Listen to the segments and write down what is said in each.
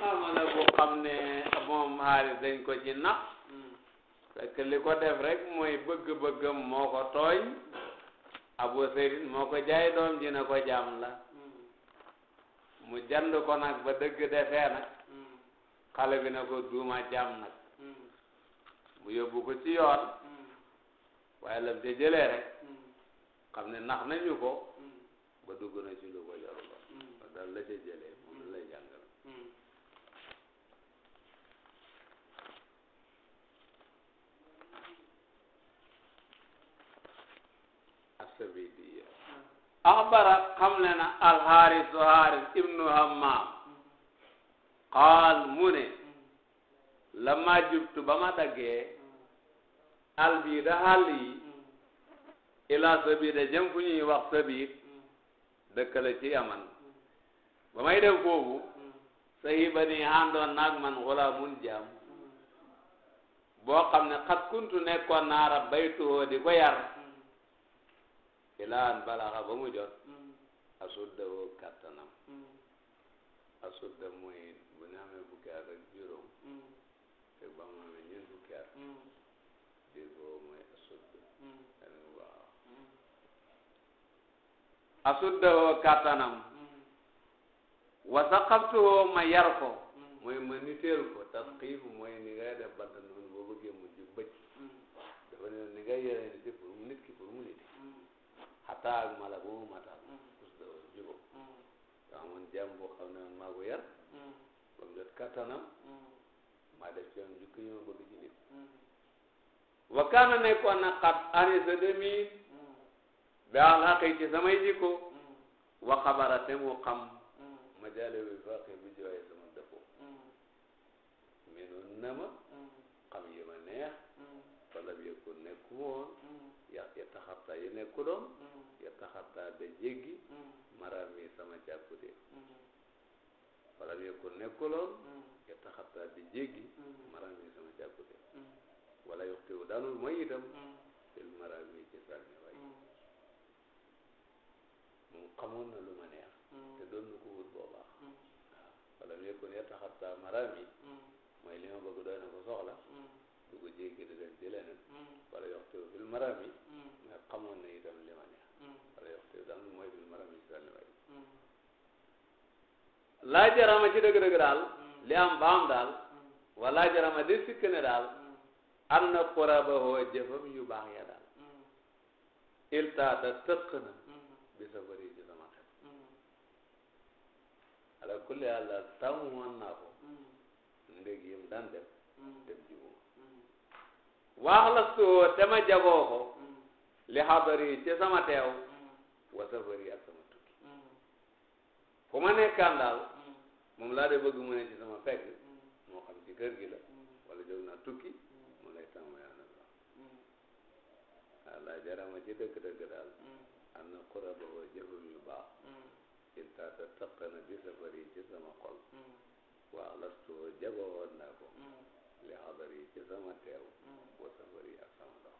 xarma la bu xam ne moom xaalis dañ ko ci nax fekk li ko def rek mooy bëgg-bëggam moo ko tooñ abu seydin moo ko jaay doom ji na ko jaam la mu jand ko nag ba dëgg defee nag xale bi na ko duuma jaam nag mu yóbbu ko ci yoon waaye lam ca jëlee rek xam ne nax nañu ko ba dugg na ci ko jaru ba dal la ca axbara xam le na alxaaris xaaris ibnu hammaam qaal mu ne la ma jubtu ba ma daggee albiida xàll yi ila sabida jëm fu ñuy wax sabid dëkk la ci yaman ba may def foofu sahiba ni àndoon naag man xulaamun jaam boo xam ne xat kuntu nekkoon naara baytuhoo di ko yar ilaan balaxa ba mu jot mm. asudda woo kattanam mm. asudda mooy bu ñu amee fukki at ak juróom te mm. ba mu amee ñeent fukki at diir boobu mooy asudda dañu waaw asudda woo kattanam wasaqabtu woo ma yar ko mooy ma niteel ko tasxiif mooy ni ngay def ba noonu boo bëggee mujj bëcc dafa ne ni ngay yore ni taag mala boobu ma taag mm. us da mm. woon jubóo daa amoon jàmm boo man maa yar mm. ba jot kattanam maa def ci yoon jukki yi ma bëgg ci nit wa kaana nekkoon na xat sa demiit bi alxaqi ci samay jikko wa xabara te mu xam ma jaale bi faqi bu jooye sama dëppo menoon na ma xam yi ma neex wala bi yëkku nekku ya ya taxabta yi nekku doon taxataa da jéggi mm. marar mi sama càkkute mm. wala mm. wala yoxte wu daanul mooy itam fil marar mi ci xamoon na lu ma neex te doon na ko wut boobaa wala mi ko ya taxataa marar mi mooy li ma bëgg doy na ko soxla du ko jéggi di dem ci leneen wala yoxte wu fil marar mi xamoon na itam laa jarama ci dëgg daal hmm. li am daal hmm. wala jarama di sikk daal am hmm. na xuraba hoo jëfam yu baax ya daal iltaata tëq na bi sa bëri ci sama xel ala kulli yàlla tàmm woon naa ko ndég yim daan def def ji moom waax la soo te ma jagoo ko li xadari ci sama teew wa sa bëri ak sama tukki fu ma nekkaan daal moom laa de bëgg mu ne ci sama fekk mm-hmm. moo xam ci kër gi la mm-hmm. wala jóg naa tukki mm-hmm. mu lay tàmm yaa na sax ala jarama ci dëgg-dëgg daal am na xuraba wa jëfam yu baax in taata taqana bi safari ci sama xol waax lastu jaba woon naa li xadar yi sama teew wa safari ak sama dox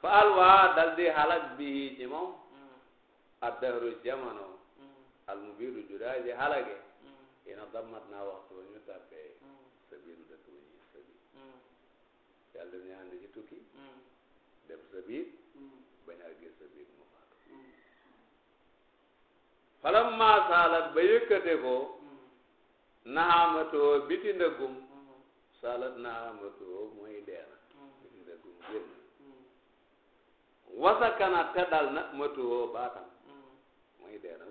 fa alwaa dal di xalak bii ci moom addahru jamono al mubiru judaaji xalage ina dammat naa waxtu ba ñu tàppee mm. sabiiru dëkk ba ñuy sabi mm. yàlla ñu ànd ci tukki mm. dem sabiir bañ a gis sabiir mu maa saalat ba yëkkate ko naxaamatoo biti ndëggum saalat naxaamatoo mooy deena biti ndëggum génn wasakanat te dal na matoo baatam mooy deena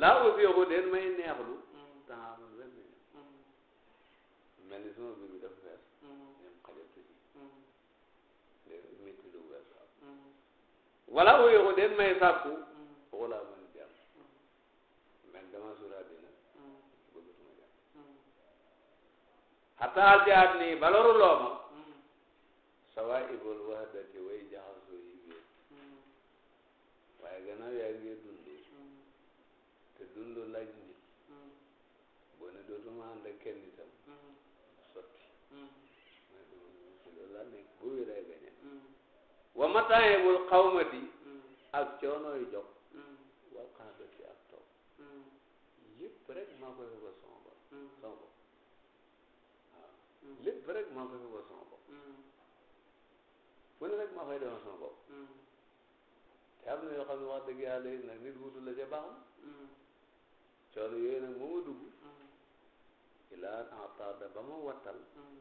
laa aussi yow den may neexlu. temps amul benn benn. mel ni sama biir bi dafa fees. même xajatu mm. ji. léegi métti lu wees am. Mm. wala aussi yow den may sàkku. Mm. wala man jàmm. mais dama suraa dina. bëggatuma jàmm. xataa jaat ni baloru looma. sawa ibul wahdati way jaxal ànd ak kenn itam mm-hmm. sotti mm-hmm. loolu laa nekk bu wéree gañe mm-hmm. wa mataayibul xawmati ak coonooy jog wal xaadati ak toog lépp rek maa ko fi ko sama bopp sama bopp waaw lépp rek maa ko fi ko sama bopp fu ne rek maa koy demal sama bopp te am na yoo xam ne wax dëgg yàlla nag nit wutu la ca baax coono yooyu nag moo ma dugg ilaa ataada ba ma wattal mm.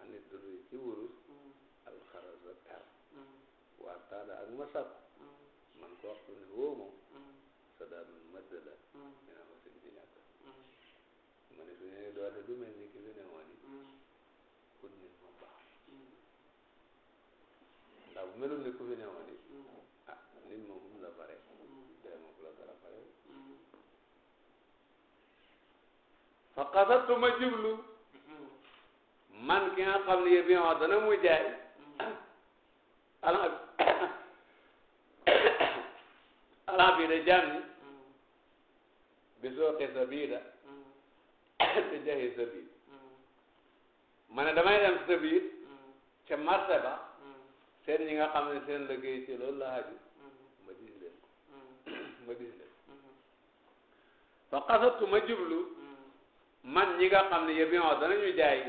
ani duru ci wurus mm. alxarasa per mm. waa taada ak ma man ko waxtu ne woo moom sadaadun mëdd la dina ma sëñ bi ñàkk ma ne su ñëwee doole du mel ni ki fi ne woon yi ku nit ma baax ndax bu melul ni ku fi ne woon fa qasattu ma jublu man ki nga xam ne yéen bi ma dana mu jaay alam alam bi ni bi soo xee sa biir te jaxee sa biir ma ne damay dem sa biir ca marché ba seen ñi nga xam ci loolu la haju ma dis leen ko ma dis man ñi nga xam ne yëpp yow danañu jaay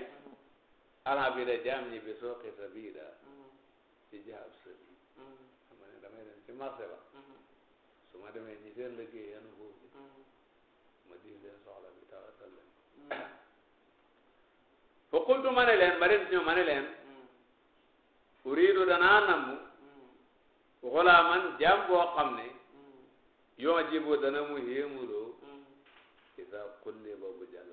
alhamdulilah la jaam ñi bi soo xisa bii daal ci jaab sa bi xam nga damay dem ci ba su ma demee ñi seen liggéey yan boobu ma di leen soxla bi tawatal leen fa qultu ma ne leen ma dem ci ma ne leen uridu danaa namm xulaaman jaam boo xam ne yoo jibu dana mu yéemuloo isa kulli ba bu jaam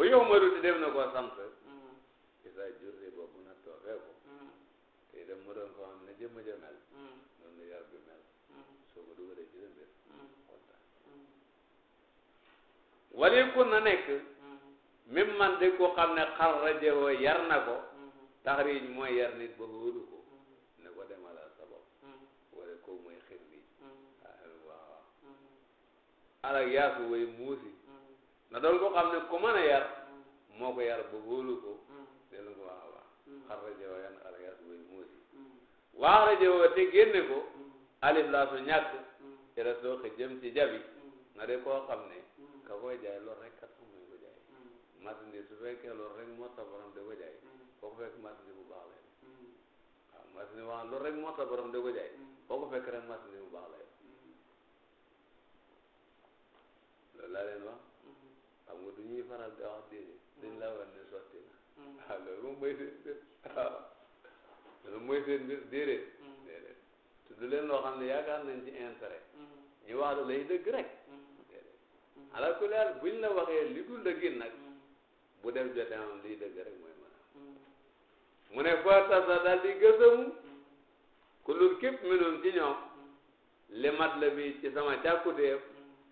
wa yow ma ruti dem na ko sant. isa jurri ba mun a toogee te itam mu doon ko ne jëmm ja mel. noonu la yar mel. soo ko dugalee ci seen biir kontaan. wali ku nekk. même man de ko xam ne xar rajo yar na ko. taxriij mooy yar nit ba wóolu ko. ne ko demalal sa bopp. wala ko mooy xir bi. ah waaw. Mm. alak yaasu way muusi. na doon ko xam ne ku mën a yar moo ko yar ba wóolu ko mm. dellu ko wax a wax mm. xarraja wa yan alayas buy muusi mm. waxraja ko alif laa su ñàkk ila soo ko jabi na de koo xam ne ka koy jaay lool rek kat mooy ko jaay marchandise su fekkee lool rek moo tax borom de ko jaay foo ko fekk marchandise bu baax lay waaw marchandise bu baax lool rek moo lu ñuy faral di wax déedéet dañ laa war ne sotti na mm. ah loolu moom mooy seen mbir waaw loolu mooy seen mbir déedéet mm. déedéet tudd ne yaakaar nañ ci intérêt mm. ñu wax lay dëgg rek déedéet ala ku laal buñ la waxee li dul dëgg nag bu def jotee am liy dëgg rek mooy mën a mu ne fa tasa daal di gësamu ku lul képp minoon ci ñoom li mat la bi ci sama càkkuteef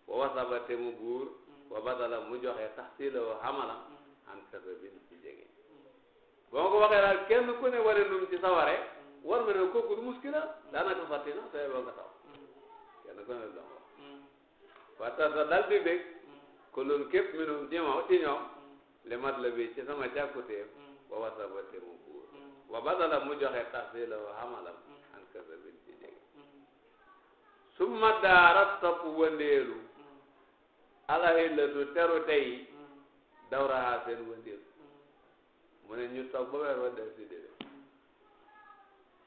wa wasaba te mu buur wa badala mu joxe taxsiiloo xamalam an sababin ci jege ba ko waxee daal kenn ku ne waree lu mu ci saware war nga ne kooku du muskila daanaka fàtti na sooy ba nga kenn ku ne lu doon wax waxtaan sa dal di bég ko loolu képp minum ci moom ci ñoom li mat la bi ci sama càkkuteef mu buur wa badala mu joxe taxsiiloo xamalam an sababin ci jege summa daara topp wëndeelu alahillatu teru tey dawraha seen wëndir mu ne ñu toog ba weer wa del si déré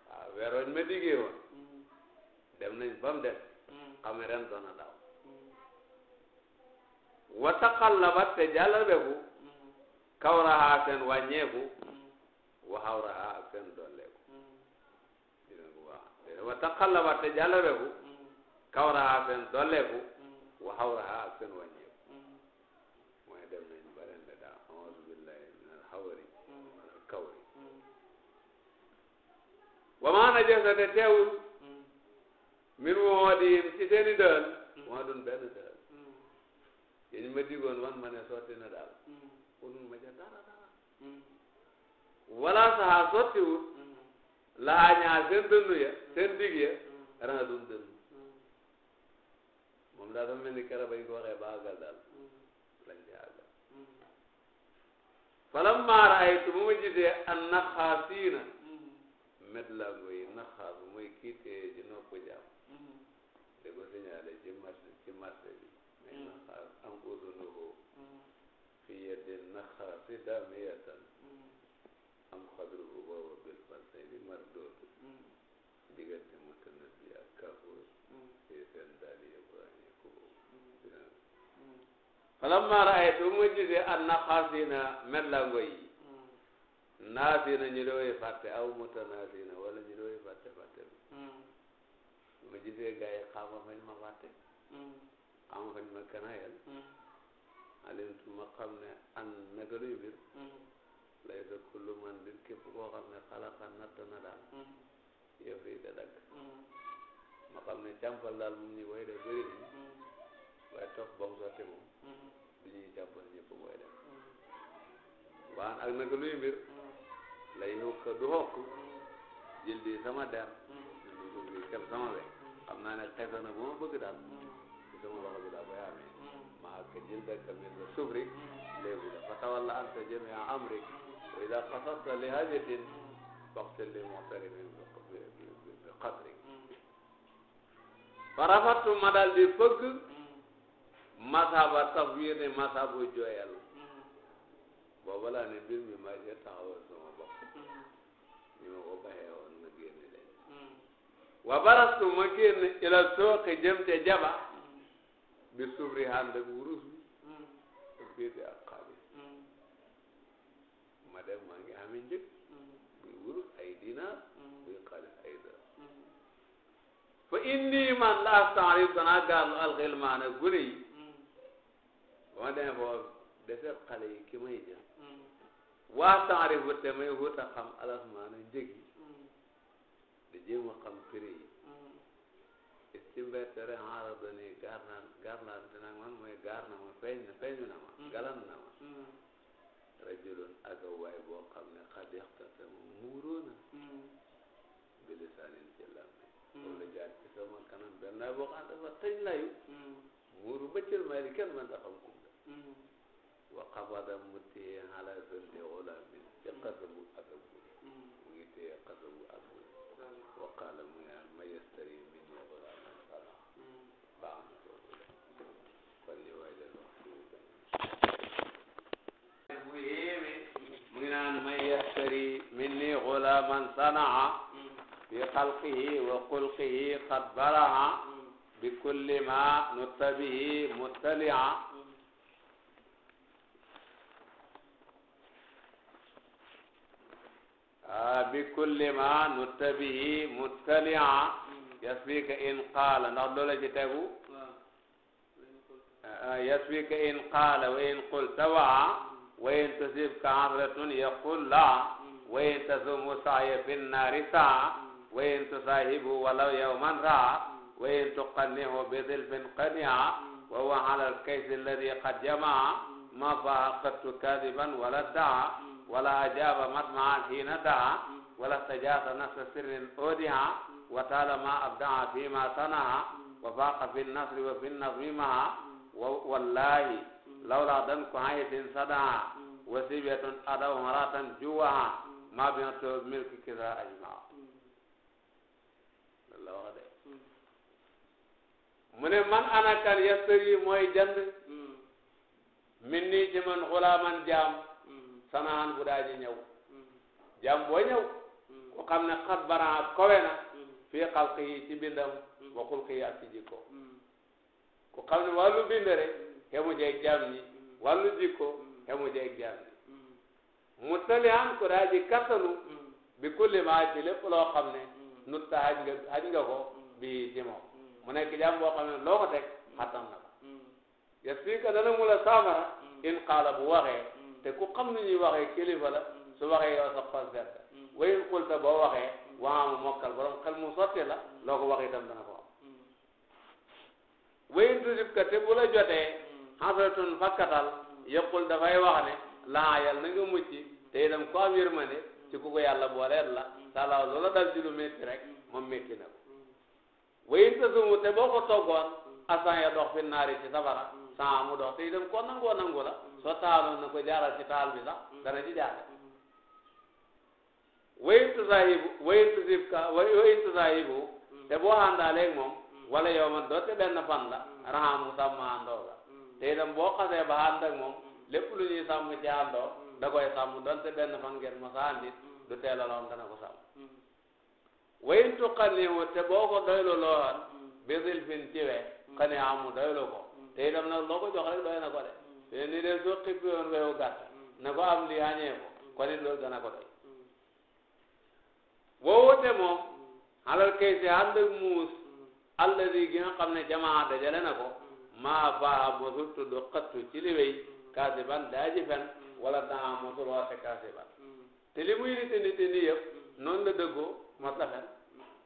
waaw weer wañ dem nañ ba mu des xame ren doona daw wa taqallabat te jàllabeku kawraha seen wàññeeku wa xawraha ak seen dolleeku dina ko baax wa taqallabat te jàllabeku kawraha seen dolleeku waxaw raxaa ak seen wàññeeku mooy dem nañ ba leen da daa awuzu billahi min alxawari wala kawri wa maa najasa te teewul min woo di ci seeni dël maa dun benn dël yéen ma digoon wan ma ne sotti daal unun ma ca dara dara wala saxaa sottiwul laa ñaar seen dënnu ya seen dig ya moom daal dafa mel ni keroog bañ ko waxee ba àggal daal falam maar ay tu bu ma gisee an naxaasiina met laa ngoy naxaas mooy kii tee ji nopp jaam de ko signalé ci marché ci marché bi mais naxaas am usunuhu fi yeddi naxaasi daamiyatan falamma raaytu ma gisee an naxaasina mellango yi naasina ñu doy fàtte aw mutanaasina wala ñu doy fàtte fàtte ma gisee gars yi xaama fañ ma fàtte xaama fañ ma kanayel alimtu ma xam ne an naka luy bir lay sa kullu man bir képp koo xam ne xalaqa natt na daal yëf yi da dagg ma xam ne càmpal daal moom ñu koy def bëri waaye topp ba mu sotti moom du mm-hmm. ñuy jàpp ne ñëpp mooy def mm-hmm. waan ak naka luy mbir mm-hmm. lay nukk du hokk jël sama der lu ko ngi kep sama we xam naa ne xesa na bu ma bëgg daal ci sama loxo bi daal koy amee maa ka jël dakka min la subrik léegi dafa tawalla anta jamia amrik wa ida qasasta li hajatin waxtel li muxtarimin bi qadrik farafattu ma daal di fëgg masaba tafwir ne masabu jooyal booba ne mbir mi maa ngi taxawal sama bopp ni ma ko baxee woon ma génn leen wa barastu ma génn ila sooqi jëm ca jaba bi subri ànd ak wurus bi féete ak xaabi ma dem maa ngi amee njëg buy wurus ay dinaar buy xaalis ay dara fa inni man la astaarif danaa gàllu alxilmaana gune yi ba ma demee boo defee xale yi ki may jël mm. waa taarifu te may wut a xam alasmaana njëg yi mm. di jéem a xam prix yi is ci mbettere xaaral da ni gaar naa gaar naa dina man mooy na ma feeñ na feeñu mm. galan na ma rajulun aga waay boo xam ne xadixta te mu muuroo na bi lisaanin ci làmmiñ moom la jaar ci sama kanam benn boo xam dafa tëj layu muuru bëccël may li kenn mën ta xam ko wa qabada mu téye ala sante xulaamin ci xasabu asabu mu ngi téye xasabu asabu wa qaala mu naan ma yastari min ni xulaaman fala baax na foofu la kon li waay la wax ci mu bañ bu yéeme mu ngi naan ma yastari min ni xulaaman sanaa fi xalqihi wa xulqihi qad baraha bi kulli ma nuttabihi muttalia bi kulli ma nuttabihi muttalia yasbika in qaala ndax loola ci tegu yasbika in qaala wa in qulta waa wa in tusibka hasratun yaqul laa wa in tasumu saaya fi nnaari saa wa in tusaahibu walaw yawman raa wa in tuqannihu bi dilfin qania wa huwa ala alkaysi alladi qad jamaa ma faaqattu kadiban wala daa wala ajaaba matmaan hiina daa wala stajaasa nafsa sirrin oodiha wa taalama abdaa fima sanaha wa faaqa fi nasri wa fi nafimaha wa wallahi lawla dan ko hayetin sadaha wa sibiyatun adaw maratan juwaha ma bina to milki kisa ajmaa la wax de mu ne man anakan yastari mooy jand hmm. min nii ci man xulaaman jaam sanaan bu daaji ñëw jàm boo ñëw ku xam ne xat baraa kowe na fii xalqi yi ci bindam wa xulqi yi ku xam ne wàllu bind rek xemu jeeg jàmm ñi wàllu jikko xemu jeeg jàmm ñi mu ku daaji kattanu bi kulli maa ci lépp loo xam ne nut ta haj nga haj ko bii ci moom mu nekk jàmm boo xam ne loo ko teg xattan na ko yas fii ka mu la saafara in xaala bu waxee te ko xam ni ñuy waxee kilifa la su waxee yow sa pas gàtt mm. wayin xulta boo waxee waama mokkal borom xel mu sotti la mm. loo ko wax itam dana ko am mm. wayin tusib ka te bu la jotee xasratun fakkatal yëqul dafay wax ne laa yàlla na nga mucc te itam ku am yërmande ci ku ko yàlla booleel la salaaw loola dal ci lu métti rek moom métti na ko wayin tasumu te boo ko toggoon asan ya dox fi naari ci safara saa mu dox te itam koo nangoo nangu la soo taaloon na ko jaaral ci taal bi sax mm-hmm. dana ci jaar wayin tusaayibu wayin tusibka wayin tusaayibu mm-hmm. te boo àndaaleeg moom mm-hmm. wala yow man doote benn fan la raxamu sàmm àndoo la te itam boo xasee ba ànd moom lépp lu ñuy sàmm ci àndoo da koy sàmm donte benn fan ngeen ma sa àndit du teelaloon dana ko sàmm wayin tuqaniwu te boo ko doylu loolan bisil fin ci wee xane amu doylu ko te itam loo ko jox doy na ko de te eh, lii de soo xippi woon weewu gàtt na ko am lii añee ko mm. kon it loolu dana ko doy mm. woowote moom mm. alal kay si ànd ak muus alladi gi nga xam ne jamaa dajale na ko maa faa mosul tudd xattu ci li wéy kaasiban daaji fen wala daa mosul woote kaasiban te li muy nite nite ni yëpp noonu la dëggoo mos la fen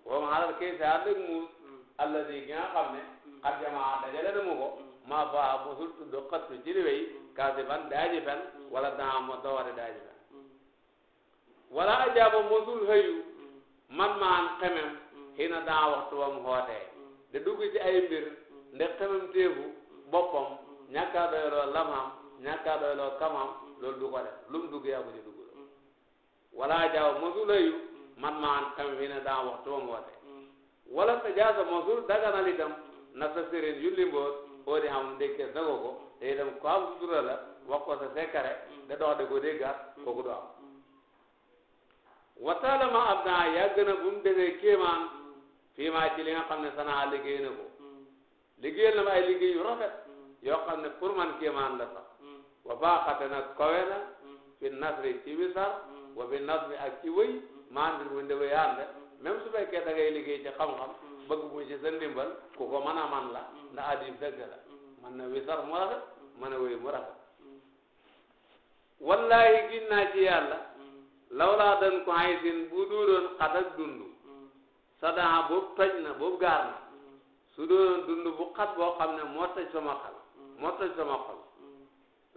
moom alal kay si ànd ak muus alladi gi nga xam ne xat jamaa dajale na mu ko ma faa mosul tudd xattu ci liwéy kaasiban daaji fen wala daama daaji fen wala ajaaba mosul xëyu man maan xemem xina daa waxtu wam xootee de dugg ci ay mbir nde xemem téefu boppam ñàkkaa doyloo lamam ñàkkaa doyloo kamam loolu du ko def lu mu dugg yaa ko ci dugg wala ajaaba mosul xëyu man maan xemem xina daa waxtu wam xootee wala tajaasa mosul daganal itam na sa yu limboot oo di xam dégg sago ko te itam ku am sutura la wax ko sa secret da dox de ko déggaat kooku du am wataalama ab naa na bu mu defee kéemaan fii maa ci li nga xam ne sanaa liggéey na ko liggéeyal na ma ay liggéey yu rafet yoo xam ne pour man kéemaan la sax wa baaxate nag kawe na fi nasri ci wisar wa fi nasri ak ci wëy maa ndir bu ndewee ànd même su fekkee da ngay liggéey ci xam-xam bëgg mu ci sa ndimbal ku ko mën a man la mm. ndax adib dëgg man mm. na wisar mu rafet man mm. a wéy mu wallahi gin naa ci yàlla lawlaa dan ko hay bu duudoon xat ak dund sadaa boobu toj na boobu gaar na su doonoon dund bu boo xam ne moo toj sama xal moo toj sama xol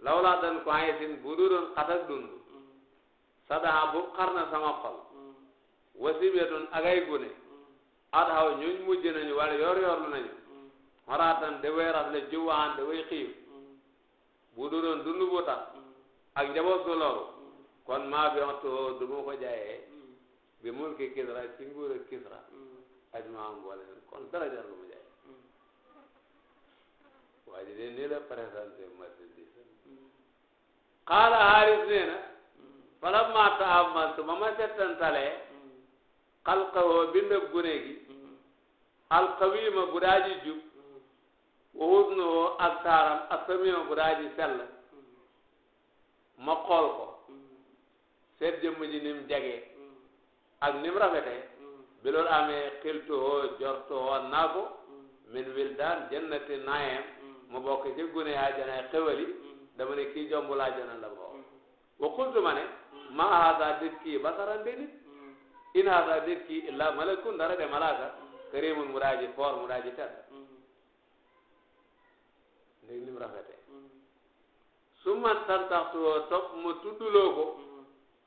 lawlaa dan ko hay bu duudoon xat ak dund sadaa boobu xar na sama xol wasibeetun ak ay gune adhaw ñooñ mujj nañu wala yor yor nañu xoraatan da way rafle jiwaan da way xiif bu doon dundu bu tax ak kon maa bi waxtu ko jaayee bi mulki kisra ci nguur ak kisra ajmaa mboole kon dara jar lu mu jaay waa ji de nii la présenté marchandise xaala xaaris nee na falamma taamantu ba ma xalqawoo bindab gune gi alqawima bu daa ji jub wa husnuhu ak taaram assamima bu daa ji sell ma xool ko seet jëmm ji ni mu ak ni mu bi loolu amee xiltuhoo jortuhoo naa ko min wildaan jannati naayem mu bokk ci gune ajanaay xewali dama ne kii jombul ajana la boo wa qultu ma ne ma haada dit kii basaran de in hada déet kii illa malakun dara de malaaka karimun mu daa foor mu daa ji tedd dégg ni mu rafete summa tantaxtuwoo topp ma tuddloo ko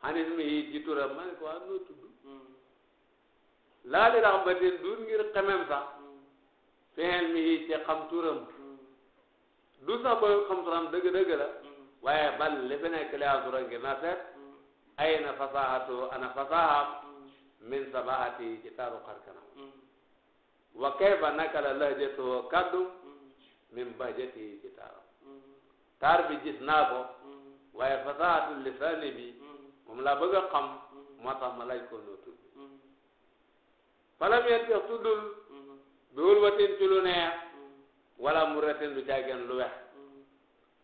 xanis mi yi ji turam ma ko waa noo tudd laa li raxmatin ngir xemem sax fexeel mi yi ci xam turam du sax ba xam turam dëgg-dëgg la waaye bal li fi nekk li asura na seet ay na fasaxatu ana fasaxam min sabahati ci taaru xar kanam wa kayfa naka la lahjatu kaddu min bahjati ci taaram taar bi gis naa ko waaye fasahatu lisaani bi moom laa bëgg a xam moo tax ma laaj ko noo bi wulwatin ci lu neex wala mu retin lu jàggeen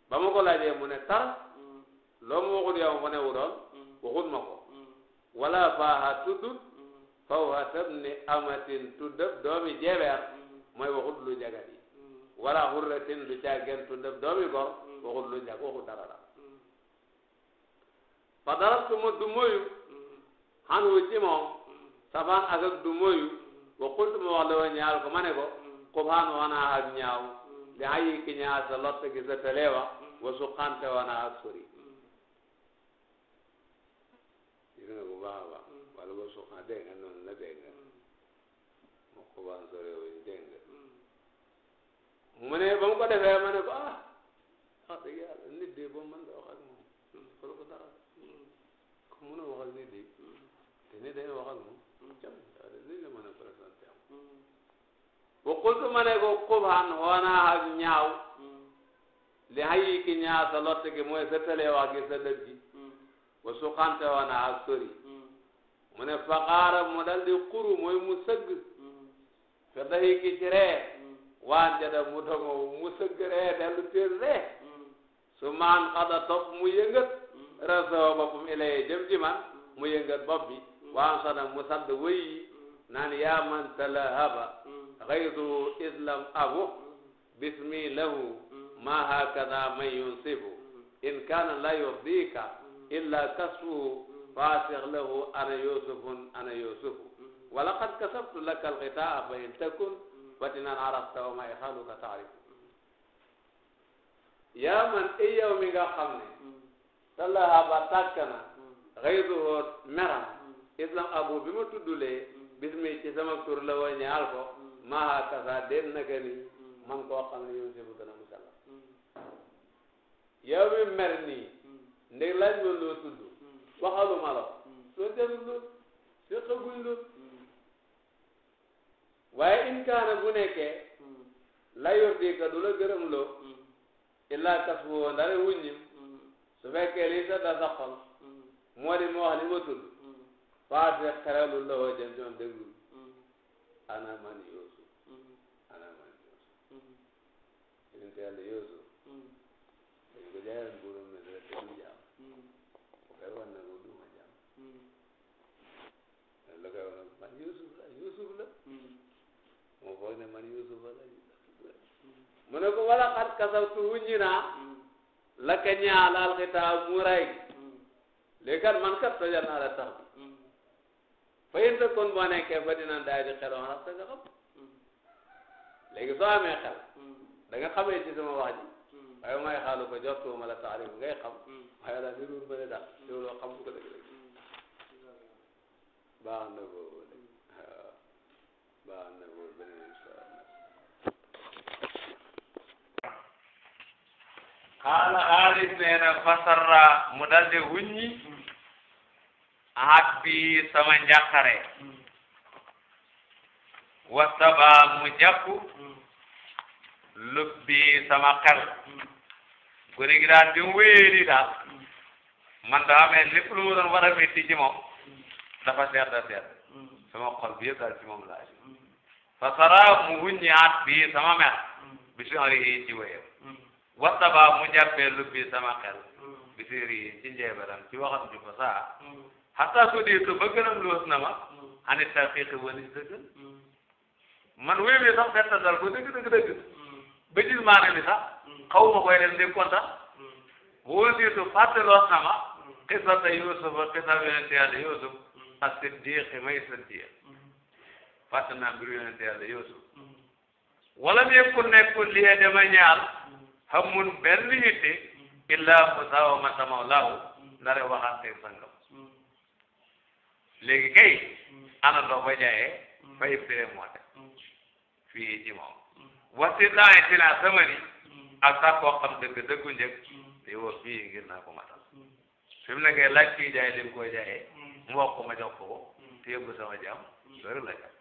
ba ma ko laajee mu ne tar loo ma waxut yow ma ne wudoon ma ko wala faaha tuddul faw hasab ni amatin tuddab doomi jebeer mooy waxut lu jagadi wala hurratin du caagen tuddab doomi gor waxut lu jag waxut dara la fa darabtu ma du moyu xan ci moom safaan ak ak du moyu wa qultu ma wax la wa ñaal ko ma ne ko xubaan wanaa li hayi ki ñaa sa lott gi sa telewa wa suqante wanaa ak sori mu ba mu ko defee ma ne ah wax ah, dëgg yàlla nit de boobu man da wax ak moom xool ko dara ko mën a wax ak nit de te nit day wax ak moom jam nit la mën a présenté am bu xultu ma ne ko li xayi sa lott ki mooy sa tëlee wax gi sa dëgg ji ba suqante woonaa sori mu ne mu dal di xuru mooy mu sëgg sa ki ci waan ja da mu dongo mu sëgg ree dellu piir ree hmm. su maan xada topp mu yëngat hmm. rasoo boppam ilaye jëm ci man hmm. mu yëngat bopp bi waan sana mu sadd wëyi naan yaa man talahaba xayru islam abu bismi lahu ma hakada man yunsibu in kana la yurdika illa kasfu faasix lahu ana yusufun ana yusufu walaqad kasabtu laka alxitaa fa in takun batinan arafta wa ma ixaaluka taarif yaa man ay yow mi nga xam ne talaha ba tàkk na xëyduhoo meram islam abu bi ma tuddulee bismi ci sama tur la wa ñaal ko maaha kasa déen naka ni man koo xam ne yow sibu dana musalla yow mi mer nii ndeg laaj ma loo tudd waxaluma la soo def lu séqaguñ lu waaye in kaana bu nekkee hmm. la yurdi ka du la gërëm loo hmm. illaa kasbu ndare wuññim hmm. su fekkee lii sa da sa xol moo di ma wax li ma tudd faat se xerelu la woo jëm jëm déglul ana man Yuusuf ana man Yuusuf yonent Yàlla Yuusuf dañ ko jaayoon buuram ne dara mu foog ne man Yuusufa la mu ne ko wala xat kasabtu wuññi naa la ka ñaal alxitaa muuraay gi léegi man kat tojal naa la tax bi fa yéen rek kon boo nekkee fa dinañ daal di xel wax nga xam léegi soo amee xel da nga xamee ci sama wax ji. waaye may xaalu ko ma la taarif ngay xam waaye daal nirul ma ne daal looloo xam bu ko dëgg dëgg baax na boobu baax na xaala xaalis nee na fasarra mu dal de wuññi bi sama njàqare wasaba mu jàppu lub bi sama xel gone gi bi mu wéeri daal man daa amee lépp lu mu doon war a métti ci dafa seet da sama xol bi yëpp daal ci fasara mu wuññi xat bi sama mer bi si enri ci wéyam waxta baa mu jàppee lu bi sama xel bi séeri yi ci ci waxam ju fasaa xataa su diitu ba gënam loos na ma xani taqiqi walis dëggal man wéy bi sax detta dal ko dëgg dëgg dëgg ba gis maana mi sax xaw ma koy def di konta wóol diitu fàtte loos na ma xisata Yusuf a xisa yonente yàlla Yusuf ak siddiqi may siddiq fàtte naa mbir yonente yàlla Yusuf wala mi yëkkul nekkul lii dama ñaal xamul benn yitte illaa musaawamata mawlaahu nare waxante sangam léegi kay ana loo ko jaayee fa ibtire moo fii ci moom wasi daay tilaa samani ak sax koo xam dëgg dëggu njëg di wax fii ngir naa ko matal fi mu nekkee laaj kii jaay lim koo jaayee mu wax ko ma jox ko te yóbbu sama jàmm loolu la jàmm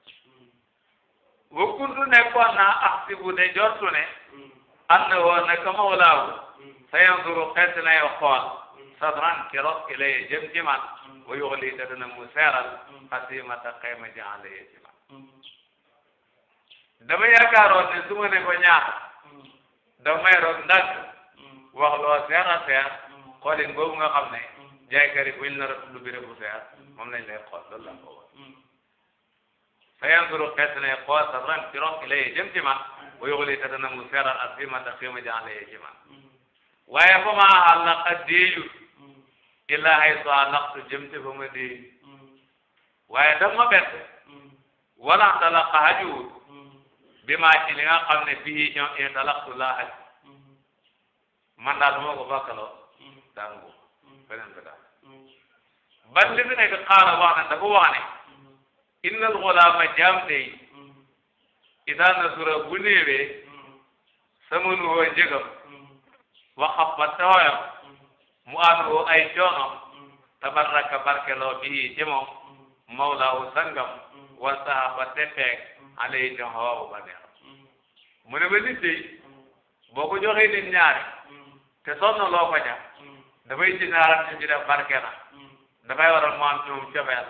wa kuntu naa ax si bu de jortu annahu naka mawlaahu sa yanzuru xeet lay xool sadran keroog ilay jëm ci man wa yuxli te dana mu seeral xasimata xayma ji alayhi ci man dama yaakaaroon ne su ma ne ko ñaax daf may roog ndànk wax loo seer a seer xoolin boobu nga xam ne jaaykat yi buñ la rafetlu bi rek bu seer moom lañ lay xool loolu la ko woon فينظر قيسنا يقوى سرا فراق إليه جمجما ويغلي تدنا مسيرا أسيما تقيم جعل يجما ويقوم علق الديج إلا حيث علقت جمت فمدي ويتم بس ولا تلق هجود بما إلينا قمنا فيه يتلقت لا هجود man daal dama ko bakkaloo daanu ko feneen bi daal ban li fi nekk xaala wax ne dafa wax ne innal xulaama jaam dey idaa nasura bu néewee sama nuwoo njëgam waxam ba tooyam mu àndoo ay coonam tabarraka barkeloo bii ci moom mawlaawu sangam wa saaba teppeeg alay jox waawu ba neex mu ne ma nit dey boo ko te sonn loo ko ja dafay ci ñaaram ci def barke na dafay waral mu am ci moom cofeel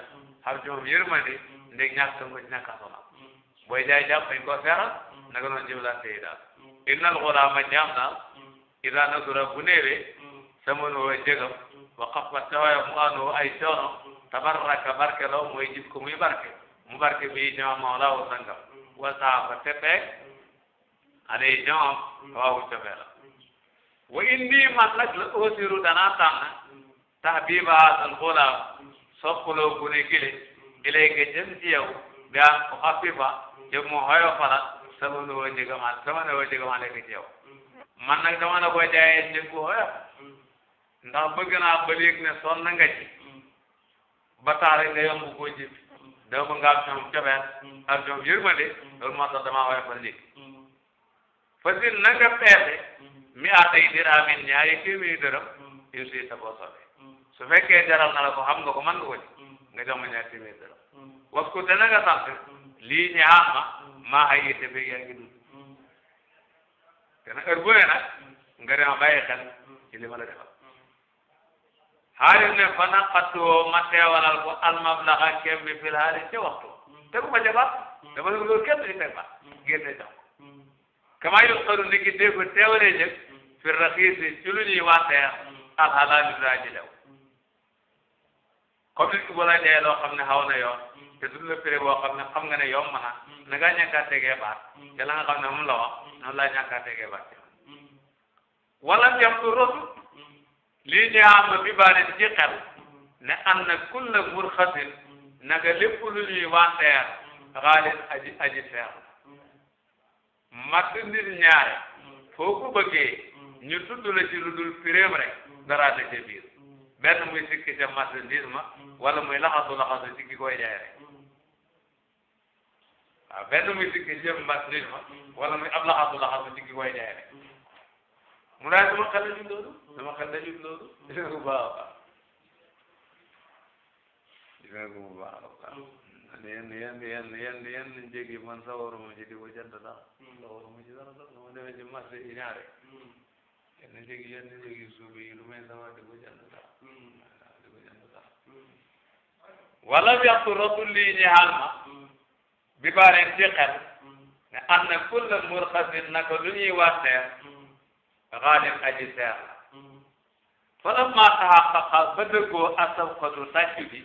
xam ndeg ñàkk nga ñàkk a sonal booy jaay jàpp dañ koo seeral naka noonu jëm laa téye daal innal xulaama jaam daal idaa nasura bu néewee sama noo jëgam wa xafat tawaaya mu àndoo ay coono tabarraka barke law mooy gis barke mu barke bi ñoom mawla wu sangam wa saafa tepeeg anay ñoom waawu cofe la wa indi man nag la oosiru danaa tànn tax bii ba asal xulaam soppaloo gune gile ilayka jëm ci yow bi an uxafifa ci mu xoyofalal sama nu woo jëgamal sama nu woo jëgamal nekk ci yow man nag dama la koy jaayee njëg bu xoyof ndax bëgg naa ba léegi ne sonn na nga ci ba tax rek nga yomb koo jëf dama bëgg nga am ci moom cofeel ak ñoom yërmande loolu moo tax damaa woyofal léegi fasil na nga peese mi atay diraamin ñaari téeméeri dërëm yu si sa boo soobee su fekkee na ko xam nga ko man nga ko nga jox ma ñaar téeméer dara wax ko dana nga sant lii ñaa ma maa ay yitte bi yaa ngi dund te nag heure bu ne dem a bàyyi xel ci li ma la defal xaalis ne fa naqatoo ma teewalal ko almablaxa kem bi fil xaalis ca waxtu tegu ma ca baax dama ne loolu kenn di teg baax génne jox ko kama yu xaru niki dee ko teewalee jëg fi raxiisi ci lu ñuy waxteer alxalaali daa ji lew comme it bu la loo xam ne xaw na yoon te du la ne xam nga ne yomb na mm. na ngaa ñàkk a tegee baat mm. te la nga ne moom la wax mm. noonu laa ñàkk a tegee baat wala jam du rosu lii ñu am bi baarin ne am na kulla murxasin naka lépp aji aji seer matt nit ñaare foo ko bëggee ñu tudd la ci lu dul firéem rek dara na ca biir benn ma wala muy laxasu laxasu ci ki koy jaay rek mm. waaw benn muy sikki jëm mbas riir ma wala muy ab laxasu laxasu ci ki koy jaay rek mm. mu daal sama xel dajut loolu sama xel dajut loolu gis nga ko baax a baax gis nga ko bu baax a baax mm. yenn yenn yenn yenn yenn njëg yi man sawaruma ci di ko jënd dara sawaruma ci dara dara ma demee ci marché yi ñaare yenn njëg yi yenn njëg yi suuf yi lu may sawar di ko jënd dara di ko jënd dara wala yàqu rasul lii ñaxal ma bi baareen ci xel ne am na kulla murxasin naka lu ñuy watteer xaalim aji seer la falam ma taxaqaqa ba dëggoo asabqatu tàccu bi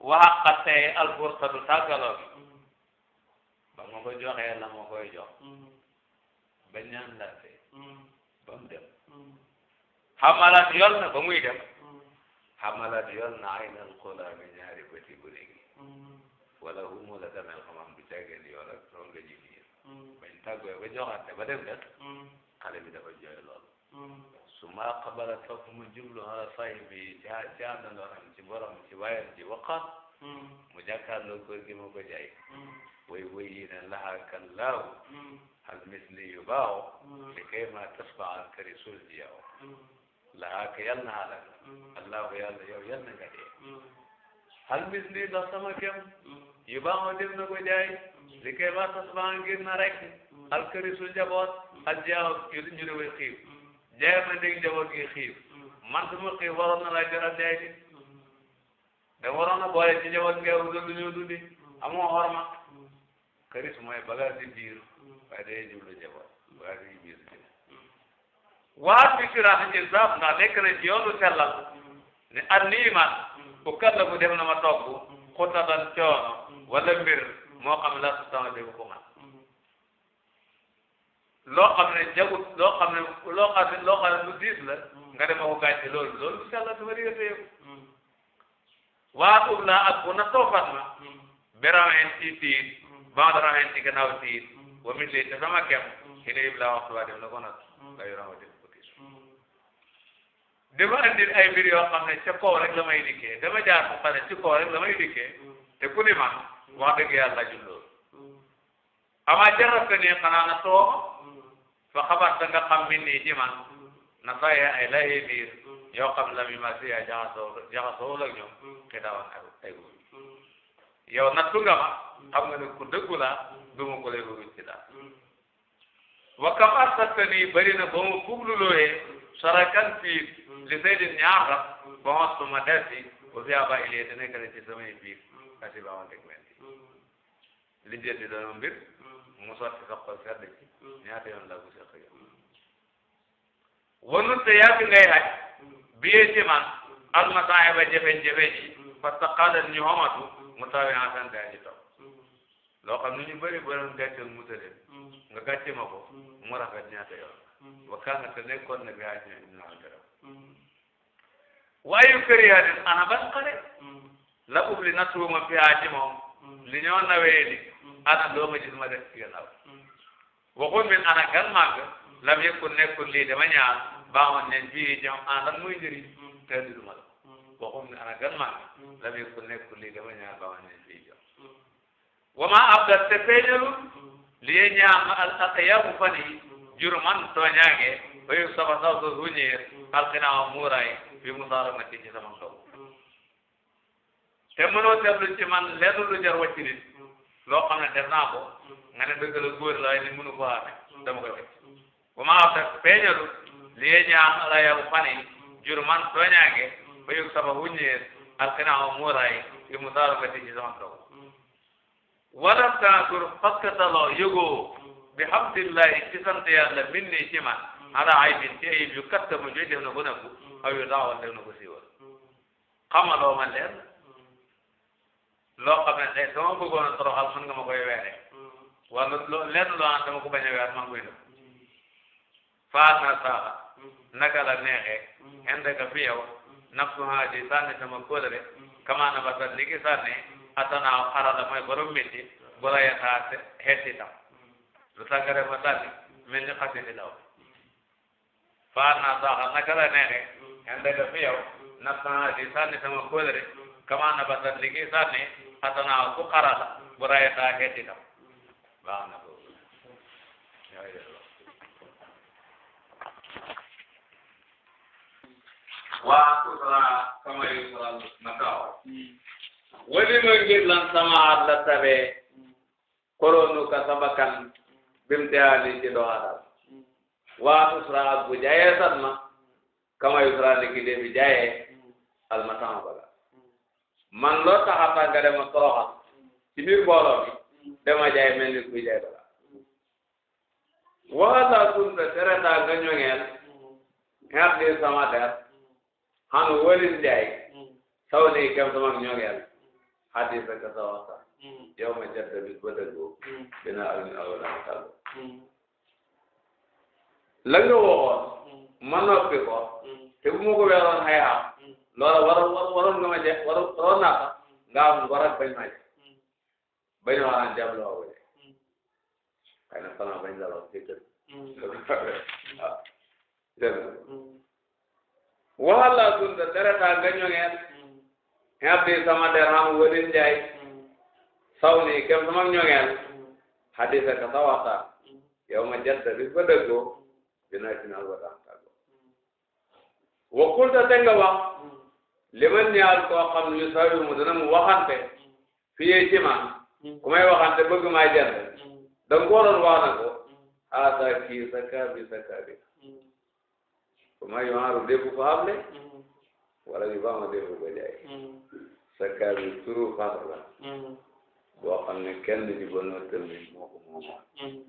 waxaqa tey alfurqatu tàggaloo bi ba ma ko joxee la ma koy jox ba ñaan la ba mu dem xamalat yoon na ba muy dem xamalat yor na ay nal xulaami ñaari bëti gune gi wala humu la tamel xamam bu jàggeen yor ak ron nga ji biir bañ tàggoo ba joxante ba dem def xale bi dafa jooy lool su ma xabala topp mu jublu ala sahibi ca caandandoonam ci borom ci waayam ci waqat mu jàkkaarloo góor gi ma ko jaay way way yi ne laha kan laaw hal misli yu baaw li kay ma tasba an kari suul ji yow laa ka yal na halak allahu yàlla yow yal na nga dee hal misli ndax kem yu baax dem na ko li kay ba tas baa ngir na rek alkari su njaboot al jaaw yu ñu ne way xiif jaay ma dégg njaboot gi xiif man suma xiif waroon na laa jaral jaay di da waroon na boole ci njaboot ngay wutal lu ñu dundi amoo xorma karis mooy bagage di biir waaye day jublu njaboot bagage waa bi curaax ci zaaf ndax nekk na ci yoonu sellal ne an nii man ku kàlla bu dem na wala mbir moo xam la su sama dégg ko man loo xam ne jagut loo xam ne loo xam ne loo xam ne waa ub laa na toofat ma berawen ci tiit bandarawen ci gannaaw tiit wa mit li kem xi ne yib laa waxtu waa na ko nat di ma andil ay mbir yoo xam ne ca kaw rek la may dikkee dama jaar fu pare ci kaw rek la may te ku ni man wax dëgg yàlla julloo amaa jarab ka nii xanaa na xam min nii ci man na saye ay laye biir yoo xam la mi ma siya jaxasoo jaxasoo ak ñoom ki daawan ay wuñ ku dëggu laa du ma ko lay wuruñ na ba mu fuglulooyee sarakan fii li Seydou ñaata ba ma su ma des si aussi abaa il est nekk na ci samay biir kasi ba ma dégg li jënd doon mbir mu sotti sa xol sedd ci ñaata yoon laa ko seq yow. wonut te yaa fi ngay laaj biyee ci man almasaay ba jafe-jafe ji parce que xaaral ñu xamatu mu tawee en tant que aji topp loo xam ne ñu bëri borom nga gàcce ma ko mu rafet ñaata yoon. wakana te nekkoon na bi aj na ibnu algarab waaye këriya din ana ban xale la ubli na tuuma fi aji moom li ñoo nawee di ana loo ma gis ma def ci gannaaw waxul min ana gan màgg lam yëkkul nekkul lii dama ñaar baaxoon nañ bii jëm an lan muy njëriñ te du ma la waxul min ana gan màgg lam yëkkul nekkul lii dama ñaar baaxoon nañ bii jëm wama abdat te feeñalul lii ñaar ma al aqyamu jurman tooñaange wayu sama saw so huñeer alxinaama muuraay bi mu saramati ci sama kaw te mënoo seetlu ci man lenn lu jar wàcc nit loo xam ne def naa ko nga ne dëgg la góor la waaye ni mënu ko xaame dama koy wàcc bu ma wax rek feeñalu liee ñaan ala yow fani jurman tooñaange wayu sama huñeer alxinaama bi hamdillahi ci sant yàlla min ci man ala aybin ci ayib yu kattamu joy def na ko nëbbu aw yu daawal def na ko siiwal xamaloo ma leer loo xam ne tey sama bëggoon a toroxal mën nga ma koy wala loo leer loo xam dama ko bañ a weer man koy nëbbu faat na saaxa naka la neexee indaka fi yow nafsu haaji sànni sama kóolare kamaana ba sànni ki sànni atanaaw xarala mooy borom métti bu la yataate xetti tam lu sàggare ma sànni mel ni xasi di daw faa naa saaxa naka la neexee ande ga fi yow naf naa di sànni sama kóolare na basan li ngay sànni ku xarala bu raye taa xeeti tam baax na ko sama la tabe koronu ka sabakan bim teyaali ci doxalal waa usra bu jaayee satma kama usra ni ki debi jaayee almatan bala man loo taxata nga dema toroxal ci biir mbooloo mi dema jaay mel ni kuy jaay bala waxata kunta tereta nga ñoŋeel xeet di sama der xanu walin jaay saw ni kam sama ñoŋeel hadisa ka sa waxtaan yow ma jàpp bis ba dëggoo dina am ñu aw la tàll hmm. la hmm. ko hmm. te bu ma ko weeroon xëy am loola nga ma jeex waroon waroon naa sax nga am war ak bañ ma jeex bañ ma waan jàpp loo ko jeex xëy na sama bañ la wax ci kër ah. waxal laa saw nii kem sama ñoŋeel hadisa ka sa waxtaan yow ma janta bis ba dëggoo dina final ba daan tàggoo wakkulta te nga wax li ma ñaal koo xam ne yu saw yu mu dana mu waxante fiyee ci man ku may waxante bëgg maa jant danga ko waroon wax na ko haada kii sa kaabi sa kaabi ku may yohaaru débu ko xamle wala yu ba ma débu ko jaay sa kaabi turu faat la boo xam ne kenn ci Banu Tamim moo ko moomoon mm-hmm.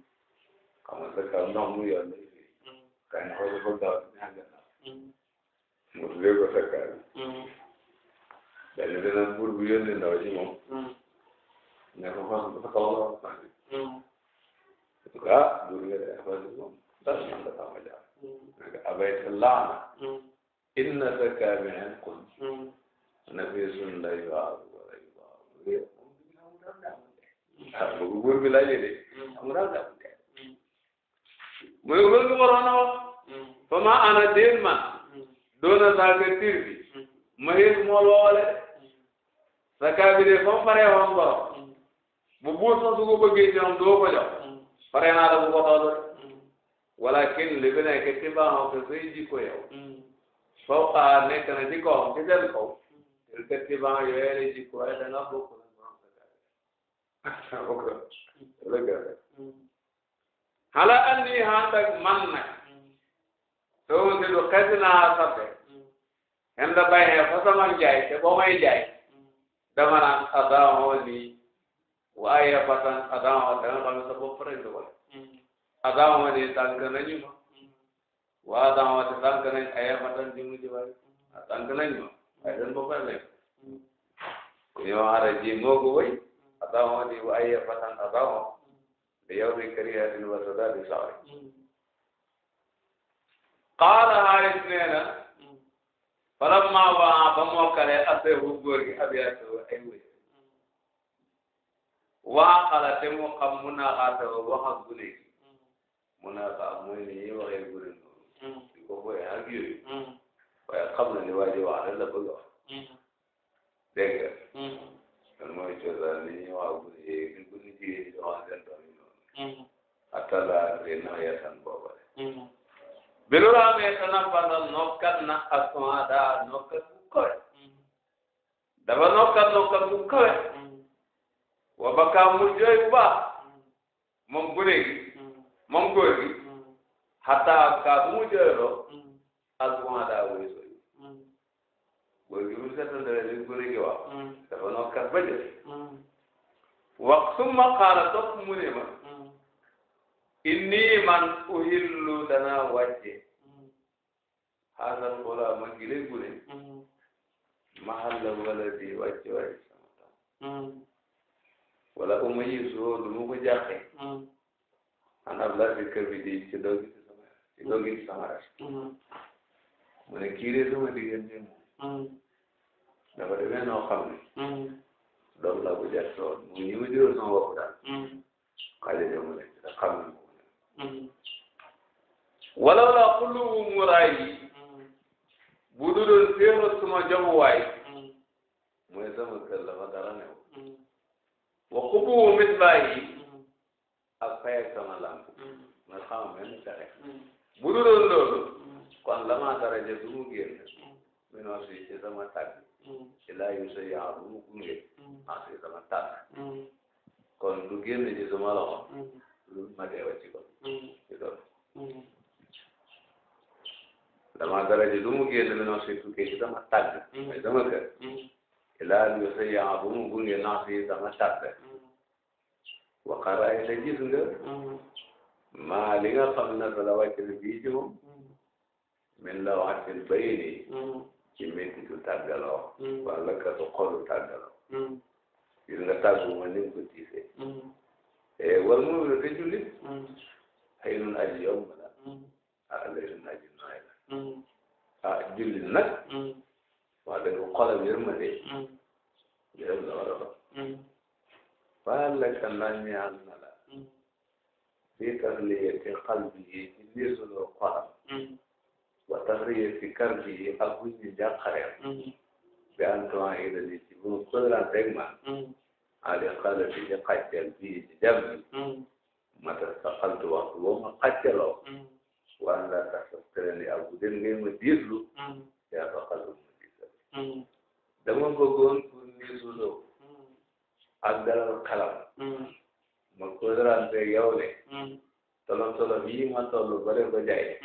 xam nga sa kaw ndox mu yor nii fii mm-hmm. kañ ko dafa gaaw ñaa gannaaw mm-hmm. mu tuddee ko sa kaw benn dana buur bu yónni ndaw ci moom ne ko fas sa kaw nga wax fas ah buur nga dee fas moom dara man da sama jaar nag abayt laana inna sa kaw bi hen kun na fi sun la yu aar wala yu aar ah bu góor bi laajee de hmm. amul daal daal mooy loolu waroon na wax hmm. fa ma ana déen man hmm. doon na saa kër tiir bi ma yéen mool woole sa kaa bi de fa mu paree woon borom bu buur sax su ko bëggee ci moom doo ko jox pare naa la bu ko toll walakin li bi nekk ci baaxoo ko say jikko yow foofu nekk na ci kawam ci seen kaw te ci baax yooyu la jikko waaye da nga bokk hala andi hand ak man nag soo si du xes naa sabbe hen da bayee fa sama njaay te ba may jaay dama naan adaamoo nii waaye batan adaamoo danga xam ne sa bopp rek du wala adaamoo nii tànk nañu ma waa adaamoo te tànk nañ aye batan ji mu ji bari tànk nañ ma waaye den bopp rek lañ ko yow ara ji ngoogu way أضاعوا لي وأي فتى أضاعوا ليوم كريه وسداد شعري قال حارث نينا فلما وعى بموكل أسيه غور أبياته أيوه وعقل تمقم مناقاته وحق بنيه مناقا مويني وغير بنيه di ko booyee ak yooyu waaye xam na ni waa ji wax la bëgg a wax dégg nga loolu mooy cosaan li ñuy wax bu ñu bu ñu jigéen ñi joxoon seen doom yi noonu. Hmm. atala re na yatan booba de. Hmm. bi loolu amee dana faral nokkat na asuma daa nokkat bu kawe. Hmm. dafa nokkat nokkat bu kawe. wa ba kaa mu jooy bu baax. moom gune gi. moom góor gi. xataa kaa bu mu jooyloo. asuma daa wéy góor gi mu seetlu dara li góor gi wax. dafa noo kat mu ne ma. Hmm. inni man uhillu danaa wàcce. xaasal xoolaa ma gile gune. Hmm. mahal la hmm. wala di wàcce wàcce sama tam. wala ko ma yi soo du ma ko jàqe. an abla bi kër bi di ci dogi ci sama ci dogi ci sama rek. mu ne kii de dafa demee noo xam ne. Mm. doom la bu jar mu ñëw jëloon sama bopp daal. Mm. xale yi mu nekk da xam nañ ko. Mm. walaw la xullubu muraay yi. bu dul doon seenu suma jomuwaay. mooy sama kër la ma dara new. wa xubu mitbaay yi. ak fayag sama lamp. ma xam même bu dul doon loolu. kon la dara jël du mu génn. mi noo si ci sama Mm. ilaa yu sa yaa bu mu gunge mm. ah si sama tànk mm. kon lu génn ci sama loxo lu ma dee wàcc ko ci loolu dama dara ji lu mu génn mi noon si tukkee ci sama tànk mooy sama kër ilaa yu sa yaa bu mu gunge naa si sama tànk waxaraay te gis nga maa li nga xam ne la wàcc bi ci moom min la waxtil tàggaloo mm. walla ka su xolu tàggaloo mm. gis nga tàggu ma ni ko tiisee mm. eh, wal mu ne te jullit xëy nun aji yomb la ah léegi nun aji nooy la ah jullit nag wax dëgg xolam yërmande yërëm la war a doon walla ka naan ñaan na la fii tasliyati qalbihi ci liisuloo xolam wa tasliyati karbihi ak wuñ ñu jàqareem an idan yi ci moom xëran rek man ali xala di ci xàccal bii ci jam bi mata sa xaltu waxtu boo ma xàccaloo waan la tax sa tërani ak bu den ngay ma diirlu yaa fa xaltu ma diisal dama bëggoon pour niisuloo ak dalal xalam ma xëran rek yow ne tolom tolom yi ma toll bare ba jaay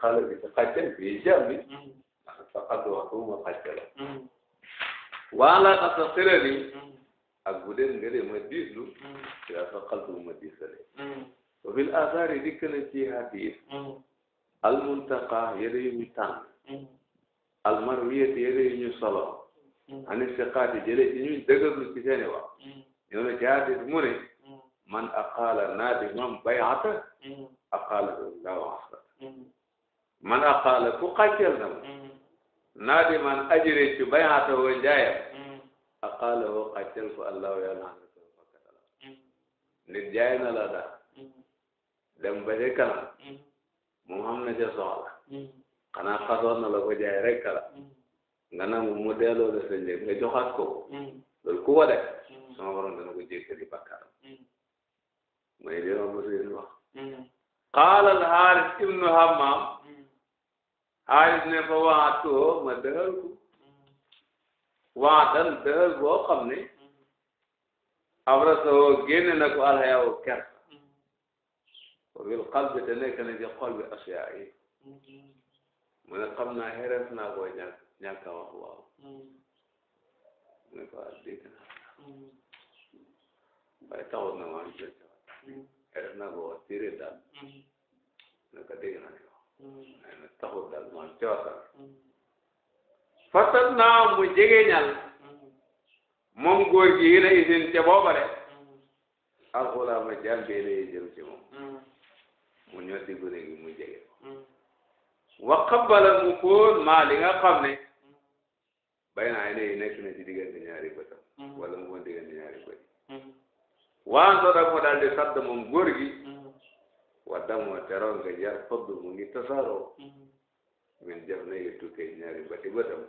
xale bi ci xàcceel bi jàmm bi hmm. hmm. sa xaddu waxtu ma xàcce la waala asa sirari ak bu dee nga dee ma diislu hmm. ila sa xaddu ma diisale wa fil asaari dikk na ci hadis al muntaqa yére yu ñu tànn al marwiyati yére yu ñu solo ani siqaati jële ci ñu dëgërlu ci seeni wax ñoo ne ci hadis mu ne man aqaala naadi man bayata aqaala llahu man aqaala ku xàcceel na ma mm. naadiman ajiri ci bayatahu jaayam mm. aqaala woo xàcceel ko allahu yàlla na ko mm. nit jaay na la daal dem ba ca kanam mu xam na ca soxla xanaa xasoon na la ko jaay rek nga nangu mu delloo la sa nga joxaat ko loolu ku ko def sama borom dana ko jékkali bakkaaram mooy li ma mos a wax qaala al haaris ibnu hammaam xaalis ne fa waxtu woo ma dëxal ko waxtal dëxal boo xam ne abrasa woo génne na ko alxayaawu kersa wa bil qalbi te nekk na ci xol bi asiyaa mu ne xam naa xeres naa koo ñàkk ñàkk a wax waaw mu ne ko dégg naa waaye taxut na maa ngi jël xeres naa koo wax tiré daal mu ne ko dégg naa taxut dal mooy coosal mm. fasal naa mu jegeñal mm. moom góor gi yi na isin ca booba de mm. alxulaama jàmbee lay jëm ci moom mu ñoo di gune gi mu jege wa qabbala mu fóon maa li nga xam ne bay naa ne yi nekk na ci diggante ñaari bëtam wala mu woon diggante ñaari bët waan mu daal di sadd moom gi wadda moo teroon nga jar faddu mu ngi tasaaroo mm-hmm. min jaf na yu tukkee ñaari bati bëtam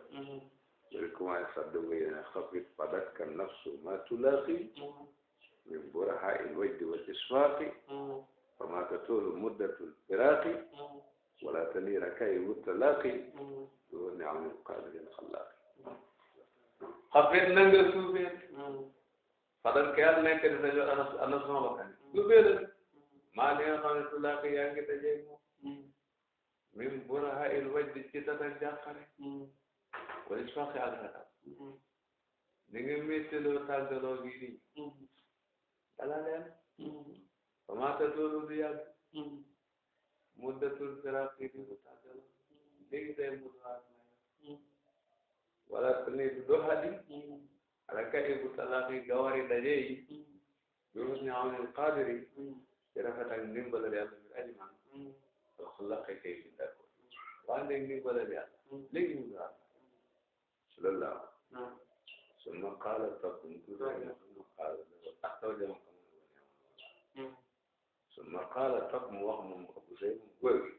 bari commencé saddu nga yéene xafit padat ka nafsu ma tulaaqi mm-hmm. min buraha il wajdi wal isfaaqi mm-hmm. fama tatulu muddatul firaaqi wala tanira kay wuttalaaqi doo ne amul qaadirin xallaaqi xafit na nga suufee padat ka yàlla nekk di sa jox anas anas ma la kañ suufee la maa ngi nga xam ne tulaa ki yaa ngi hmm. min buraha il wajdi ci ci hmm. faqi ak xatam hmm. di nga méttaloo tàggaloo gi nii dala leen famaata doolu du yàgg muddatul firaqi di ko tàggaloo léegi day mudd ak mayo wala du doxali alaka ibu talaaqi gawari daje yi bi husni awnil qaadiri ci rafet ak ndimbalal yàlla mi aji man soo xalaat kay bindal ko wante ndimbalal yàlla léegi ñu daal loolu la su ma xaala topp ntuur ma xaala ak taw jama ko mu ma xaala topp wax moom abu say mu góor gi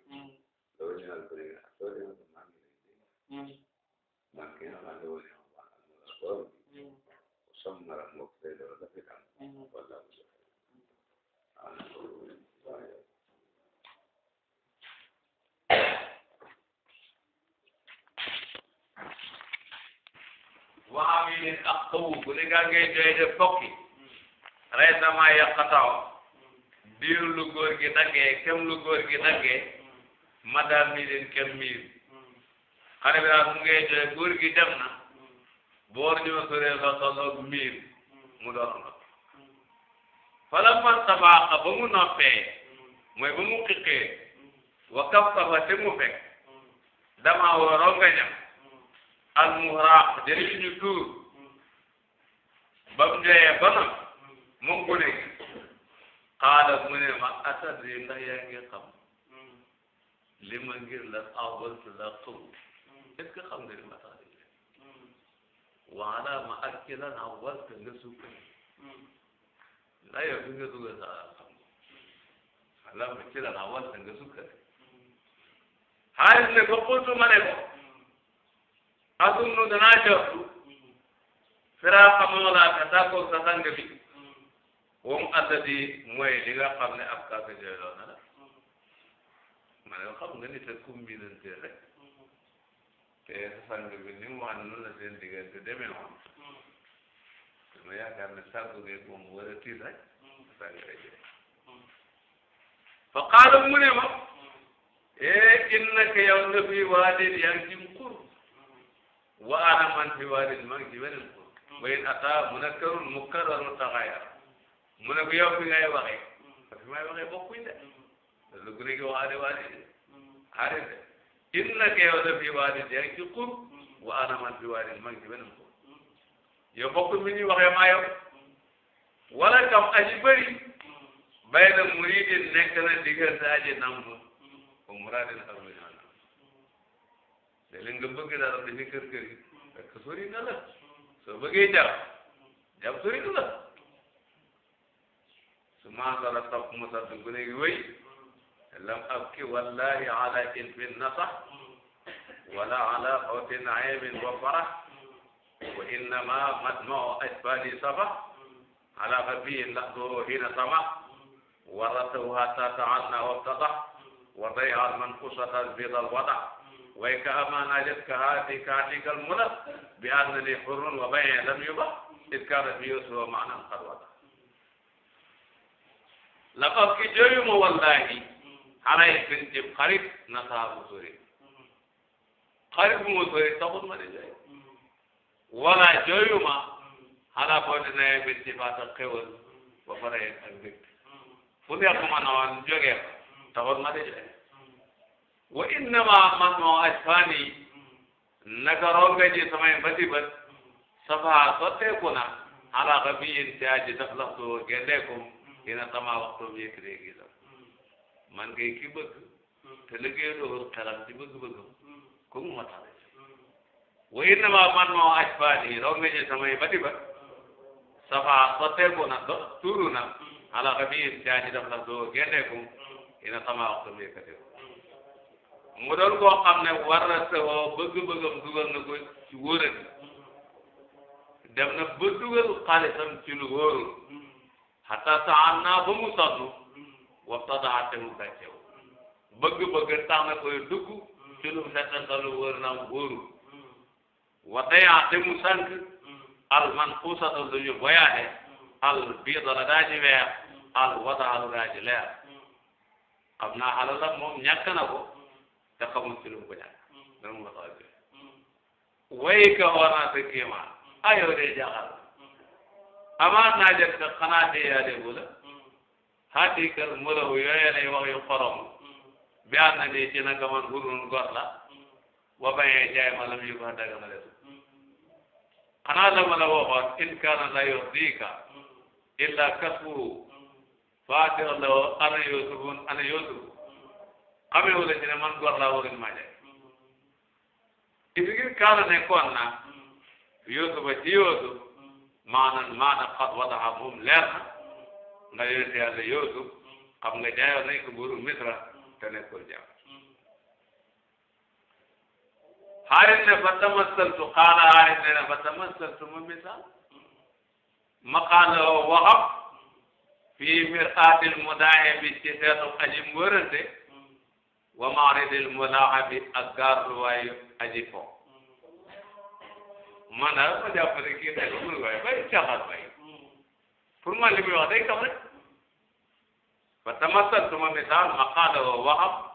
loolu ñu naan bëri ak taw jama ko maa ngi lay dégg man ki nga xam ne woon yow waa almala borom bi sam mara moom day loolu la fi tam wala waa wi leen ak xawu bu ne gaa ngay doy de fokki rey sama yaqataw diir lu góor gi daggee kem lu góor gi daggee ma daal kem miir xale bi daal mu ngay doy góor gi dem na boor ñoo soree fa xaloog miir mu doon la falamma sabaaxa ba mu noppee mooy ba mu xiqee wa kaffafa te mu fekk dama waroo nga ñam al muhraq jëriñ ñu tuur ba mu joyee ba nag ma atadri ndax yaa ngi xam li ma ngir la awaltu la xaw est-ce que xam nga li ma tax di waala ma ak ci lan la yow bi nga dugg sa alaaka ci la la war sa nga sukkare xaalis ne ko xultu ma ne ko asumnu danaa jortu firaaxa moolaaka tàggoog sa sang bi wom asadi mooy li nga xam ne ab kaasa jooyloo na la ma ne ko xam nga ni sa combinante rek te sa sang bi ni mu wax noonu la seen diggante demee woon ma yaakaar ne sàggu gi moom war a tiit rek sàggu rek fa qaala mu ne ma ee innaka yow nga fi waadin yaa ngi ci kur hmm. wa ana man fi waadin maa ngi ci beneen kur hmm. wa in ata munakkarun mukarrarun taxayar hmm. mu ne ko yow fi ngay waxee fi may waxee bokkuñ de lu gune gi waxaade waadi de xaari de innaka yow nga fi waadin yaa ngi ci kur wa ana man fi waadin maa ngi ci beneen kur yow bokkul mi ñuy waxee maa yow wala kam aji bëri bay na muridin nekk na diggante aji nambu ba muradin nam léeg-léeg nga bëgg dara dañu kër kër yi fekk sori na la soo bëggee jàpp jàpp sori na la su maasara topp mu sax dugg ne wallahi ala ilfin nasax wala ala xawtin ayibin wa farax wa innama majmau asfali safa ala fafihi lahduhu hina sama waratahu hatta ta'anna wabtada wa dayha almanfusata albida alwada ويكها ما ناجتك هذه كاتيك المنى بأنني حر وبيع لم يبع إذ كان في يوسف معنى قد لقد كجيم والله عليه بنت خريف نصاب سوري خريف مو سوري تقول ما جاي wala jooyuma xanaa foo di nawet bi ci baata xewal ba pare ak mbégte fu nekk ma noon jógee ko taxoon ma di jóge wa innama man moo ajfaani naka ronga ji samay mbati bët safa sotteeku na ala xa biyin ci aji daf laxtu gendeekum dina tama waxtum yëkkatee gi sam man kay ki bëgg te liggéey doxul xelam ci bëgg-bëggam kooku ma taxee wa innama man moo ajfaani rongeñe samay bati ba safa sotteeku na do tuuru na ala xabiir jaaji daf la doo génneeku ina sama waxtu mi mu doon koo xam ne war na sewoo bëgg-bëggam dugal na ko ci dem na ba dugal xaalisam ci lu wóorul xata saxaan naa ba mu sonn waxta daxa te mu gàccew bëgg-bëgg tax na koy dugg mu seetal lu wóor na am wóorul watay ate mu sànq al manxuusatu lu ñu boyaale al biida la daa ci weer al wataalu daa ci leer xam naa alalam moom ñàkk na ko te xamul ci lu mu ko ñàkk dana mu tax a jóg way ka wana sa kéemaan ayoo dee jaaxal amaat naa jëkk xanaa dee yaa dee bu la xaati kër mu la yooyee lay wax yu xorom bi ànd na dee ci naka man hurun gor la wa bañee jaay ma lam yu ko daganale xanaa dama la in kaana la yurdika illa kasbuhu faatir la woo ana yusufun ana yusuf xamee wala ci man góor laa warin maa jaay ibi ngir kaana nekkoon na yusufa ci yusuf maanaam maanaam xat wadaxa moom leer na nga yonente yàlla yusuf xam nga jaayoon nañ ko buuru misra te nekkul xaarit ne fa tamasaltu xaala xaarit ne fa tamasaltu ma misaal maqaala waxam fii miraatil mudaahibi ci seetu aji mbërante wa maaridil mulaahabi ak gaarluwaayu aji fo man daal ma jàpp ne kii nag mun waay bay caxar bay pour man li muy wax day kam rek fa tamasaltu ma misaal maqaala waxam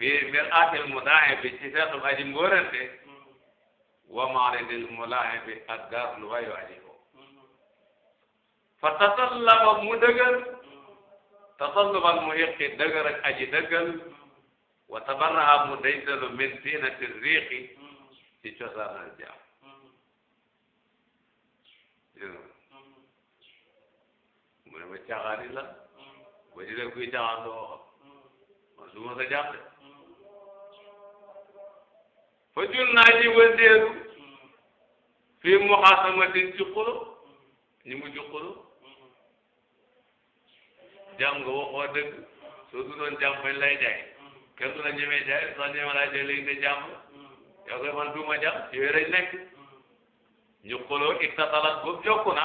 fii mir'atil mulaahibi ci seetu aji mbóorante wa maaridil mulaahibi ak gaaf lu wayu aji ko fa tasallaba mu dëgër tasalluban mu hiqi dëgër ak aji dëggal wa tabarraha mu daytalu min tiinati riixi ci cosaanal jaam mu ne ma caaxaani ba ci def kuy caaxaan doo xam ma su ma sa fa jur naa ji wëndeelu fii mu xasamatin ci xuloo ñu mujj xuloo jàmm nga waxoo dëgg du doon jàmm fañ lay jaay kenn du la ñemee jaay soo ñemee laa jaay léegi nga jàmm yow koy man duuma jàmm yooyu lañ nekk ñu xuloo ittatalat boobu jokku na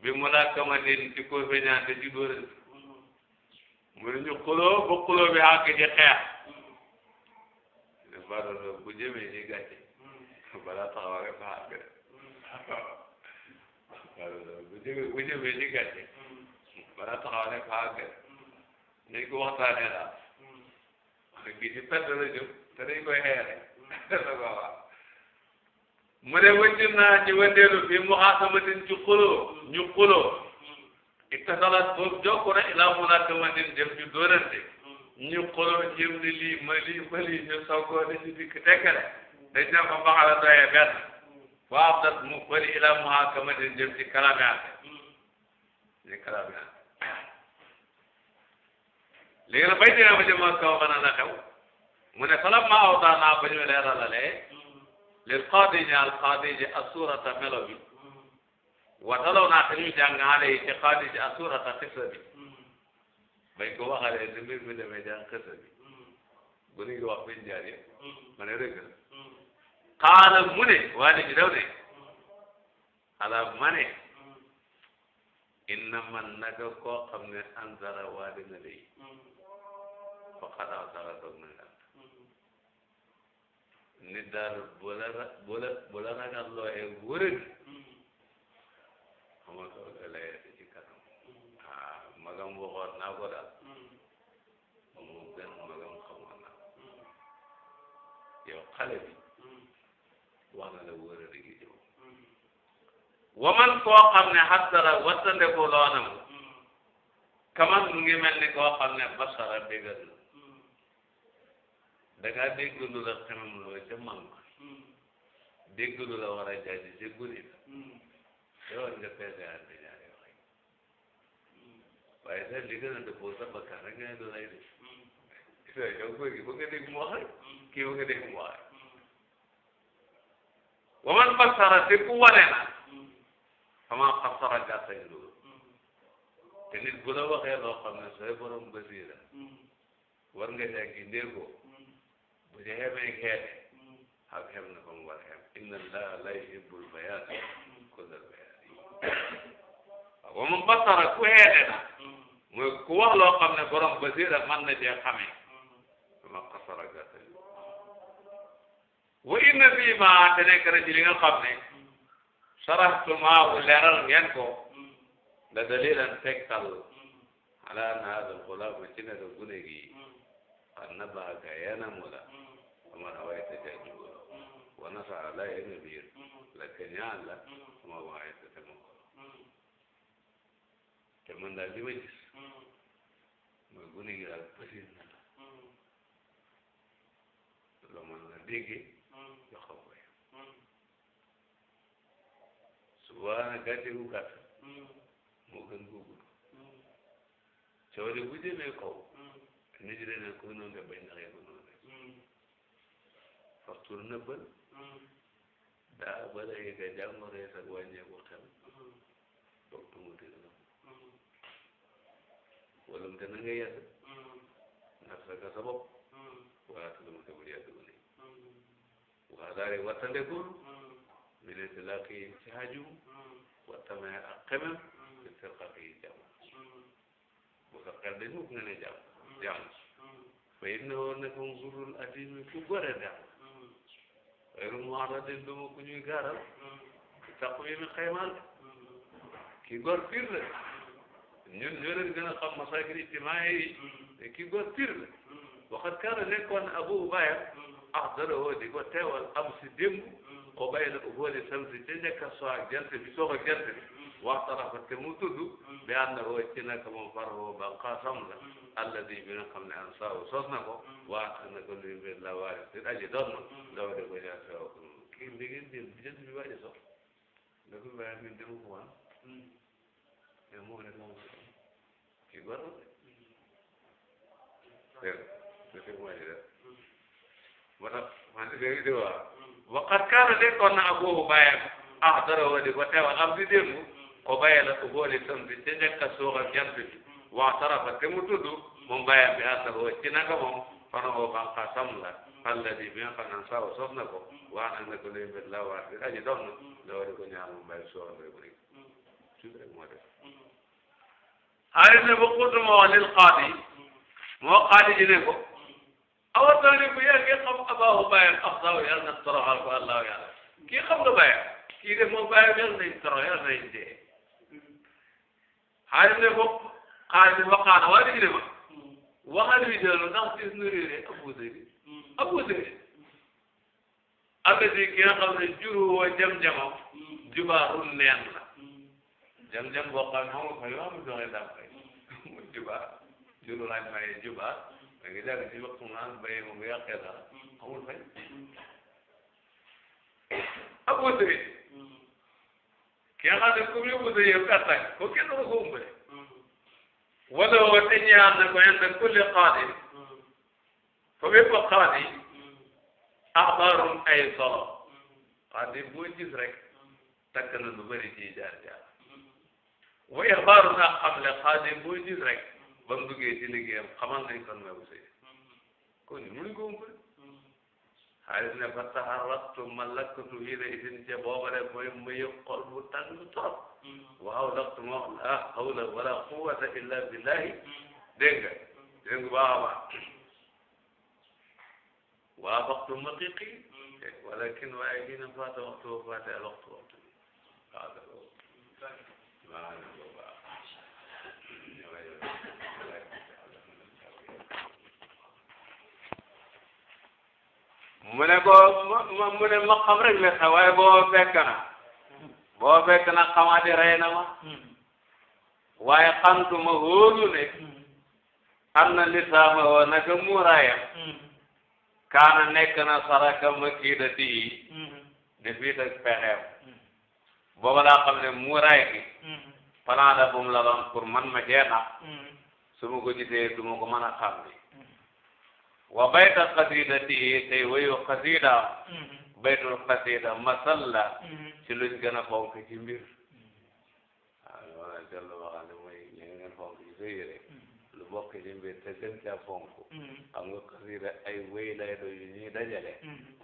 bi mu laa kamatin ci koo feñaante ci dóorante ne ñu xuloo ba xuloo bi àgg ci xeex baro so bu jëmee ci gàcce bala taxaw rek fa àgg baro so bu jëmee bu jëmee ci gàcce bala taxaw rek fa àgg dañ ko waxtaanee daal parce que ci perte la jëm te dañ koy xeere mu ne wëcc naa ci wëndeelu fi mu xaasamatin ci xuloo ñu xuloo ittasalat boobu jokku na ilaa mu naa tamatin jëm ñu ñu xooloo jëm ni lii ma lii ma lii ñu soogoo di si dikk tekkale dañ ne ko baxala doyee waa ab mu bëri ila muhaakama di jëm ci kalame ate ci kalame ate léegi nag bay dina ba jëm ak kaw mën a la xew mu ne falam ma aw daanaa ba ñu leeralalee lil qaadi ñaal qaadi ji melo bi watalow naa te ñu jàng xale yi ci qaadi ji asurata bi bañ ko waxalee ni mbir mi demee jàng xësa bi mm. bu ñu ngi wax biñ jaar yëpp mm. ma ne dëgg mm. ne waali ji daw ne xala ma ne inna man ne ansara waali na lay fa xadaw saxa toog na ngàtt nit daal bu la bu la bu la magam waxoon naa ko daal hmm. moom moo gën magam xamoon naa ko hmm. yow xale bi hmm. wax na la wóor a dëgg ci moom waman mel ni koo xam ne basara bégal na da ngaa dégg lu la xemam loo ca man ko dégg lu la war a jaaji ci guddi la yow waaye sax li gën a dëppoo sa bakkan nga ne doon ay def yow koy ki bëgg a dégg mu wax rek kii bëgg a dégg mu wax rek waman fassara te ku wane na fama fassara gàttañ loolu te nit bu la waxee loo xam ne sooy borom basira war nga caa gindee ko bu ci xemee xeete ak xem na fa mu war xem inna allaha la yuhibbul bayaat kullal bayaat waman fassara ku xeete na mooy ku wax loo xam ne borom basira man na cee xame ma xasara gàtta wa inna fii ma te nekk na ci li nga xam ne sarahtumaahu leeral ngeen ko la dalilan tegtal ala anna haadal xulaama ci naka gune gi xar na baaga yeena mu la ama na waaye te jaa jugo wa nasaa la yeena biir la keñaan la ama waaye man daal mooy mm. gune gi daal pësin na la loo mën nga dégge jox ko koy subaana gàtte gu gàtt moo gën gu gudd coow li bu jëmee kaw nit yi dana ko noonu bañ naxee ko noonu rek waxtur nëbbal daa bala yëg a jàngoree sag wàññeeku xel waxtu walum te na nga yedd nafsaka sa te bul yedd wali waxdaari wattandekul min intilaaqi ci hajum wattame bu sa xel dañ mukk nga ne jàmm ne kom gurul adimi ku gore daal xeyru muaradin du ma ku ñuy gaaral ci taqwimi xaymal ki gor ñun ñoo leen gën a xam masaakil ijtimaa yi te kii góor piir la waxat kaana nekkoon abu ubayam ahdara woo di ko teewal am si démb o bay na uboole samsi ca njëkk a soo ak jant bi soog a jant bi waxtara fa te mu tudd bi ànd woo ci naka moom faroo banqaasam la alladi bi nga xam ne an saaw sos na ko waa na ko li mbir la waari te aji doon na ndaw de ko ñaar sew li ngeen dem di jant bi waaji sox da ko bàyyi min demu ko ci góor dégg nga dégg mooy li def moo tax man de léegi di wax waqat kaana nekkoon na aboobu bàyyam ah dara mm. mm. wa di ko teewal am di démb ko bàyyee la ko boole sam bi ca njëkk a suuxal jant bi waa tarafa te mu tudd moom bàyyam bi àndakoo ci naka moom fanoo banqa sam la alladi bi nga xam ne saw sof na ko waa nag na ko lay mbir la waa bi aji dox na la war ko ñaar moom bàyyi suuxal rek rek moo def xaalis ne ba xurtu ma wax lil qaadi moo qaadi ji ne ko awa taani ko yaa ngi xam abaahu bàyyam afsaw yàlla na toroxal ko allahu yàlla kii xam nga bàyyam kii de moom bàyyam yàlla nañ toro yàlla nañ dee xaalis ne ko xaalis ba xaana waa digi ne ko waxal wi dellu ndax gis nu réere abuseri abuseri am na si ki nga xam ne juru woo jam-jamam jubaarul neen la jam-jam boo xam ne moom mooy yow amul joxe daa fay mooy juba juru laaj maye juba da nga jàng ci waxtu naan baye moom bu yàqee dara amul fay abu sëriñ ki nga xam ne comme li bu sëriñ yow kàttan ko kenn du ko umbale wala woo te ñaar na ko yàlla kulli xaadi fa bépp xaadi axbaarum ay solo xaadi boo gis rek takk na lu bëri ci jaar jaar wa ixbaaruna xamle xaadim boo gis rek ba mu duggee ci liggéeyam xamal nañ kon mooy bu kon ñu mënuñ ko umpale ne fa taxarrattu ma lakkatu hiina itin ca booba rek mooy mayu xol bu tàng trop wa hawlaqtu ma la hawla wala quwwata illa billahi dégg nga dégg nga baax a baax waa waxtu ma xiqi walakin waaye hiina faata waxtu wa faate al waxtu waxtu mu ne boo mu ne ma xam rek la xew waaye boo fekk na boo fekk na xamaadi rey na ma waaye xam tu ma hóolu ne xam na lisaama kaana nekk na booba laa xam ne muuraay gi hmm. plan la bu mu la doon pour man ma jeexal hmm. su ma ko gisee du ma ko mën a xam hmm. ne wa bayta xasidati tey wayu xasida baytul xasida masalla ci luñ gën a fonk ci mbir waaw ah, loolu dellu waxal ne mooy ñu ngeen fonk ci sa yére lu bokk ci mbir te gën caa fonk xam nga xasida ay wéy lay do yu ñuy dajale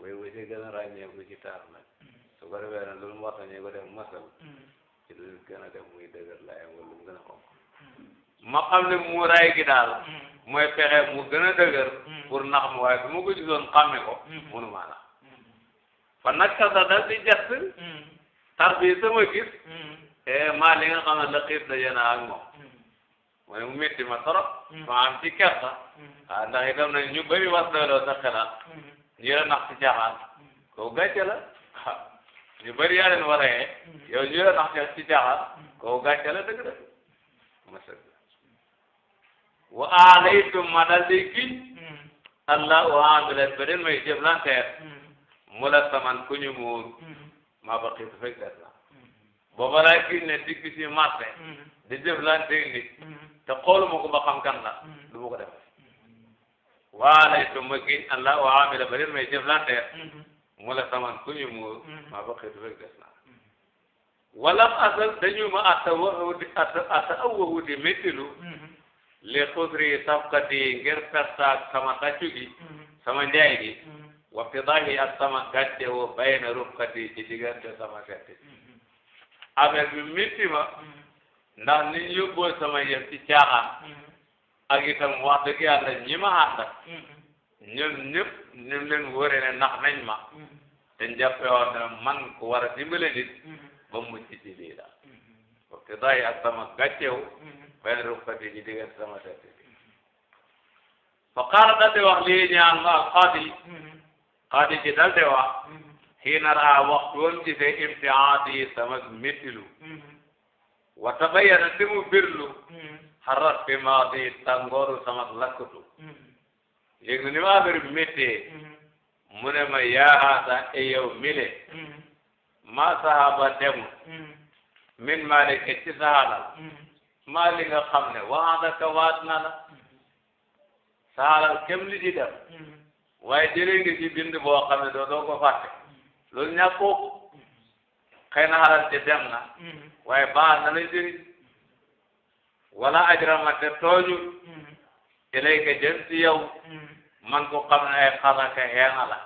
wéy wa ci gën a ràññeeku ci taar nag su ko defee nag loolu moo ko def masal mm. ci lu gën a def muy dëgër laay wala mm. ma xam ne muuraay gi daal mm. mooy fexe mu gën a dëgër pour nax ma waaye su ma ko gisoon xàmme ko munu maa di jast tar bi sama gis maa li nga xam ne la xiif daje naa ak moom mu ne mu métti ma torop ma am ci kersa ah ndax itam nag ñu bëri nax ci caaxaan kooku gàcce la ñu bëri yaa leen war a yee yow ñu la tax ci caaxaan kooku gàcce la di giñ allah wa amilat beneen may jëflanteer mu la saman ku ñu muur maa ba xiitu fekk des na booba laa giñ ne digg si marché di jëflanteeg nit te xooluma ko ba xam kan la du ma ko def wa alaytum ma giñ allah wa amilat beneen may jëflanteer mu la saman ku ñu muur mm-hmm. maa ba xëy rek des naa walam asal dañu ma atawawu di atawawu di méttilu mm-hmm. les xudri safkat yi ngir perte ak sama tàccu gi mm-hmm. sama njaay gi waptidahi ak sama gàcce woo bàyyi na rufkat yi ci diggante sama gàcce affaire bi métti ma ndax ni ñu yóbboo sama yëf ci caaxaan ak itam wax dëgg yàlla ñi ma àndal ñoom ñëpp ñu leen wóore ne nax nañ ma mm-hmm. te jàppe man ku war a dimbale nit mm-hmm. ba la parce day ak sama gàccew mm-hmm. benn ruqati ji diggante sama ñaan ma al qaadi qaadi ji dal di wax xiina raa waxtu woon gisee imtihaadi sama méttilu wa tabayyana te mu birlu xarat bi maa di tàngooru sama lakkatu yëg na ni ma affaire bi méttee mm-hmm. mu ne ma yaaxaasa e yow mile mm-hmm. maa saxaaba demu mm-hmm. min maa lekk e ci saxaalal maa li nga xam ne waxaana ka waat na la saxaalal kem li ci dem waaye jëlee nga ci bind boo xam ne doo doo ko fàtte loolu ñàkkoo xëy na xalal ci dem na waaye baax na la jëriñ wala ajrama te tooñul ilayka jëm ci yow man ko xam ne ay xasaka xeena la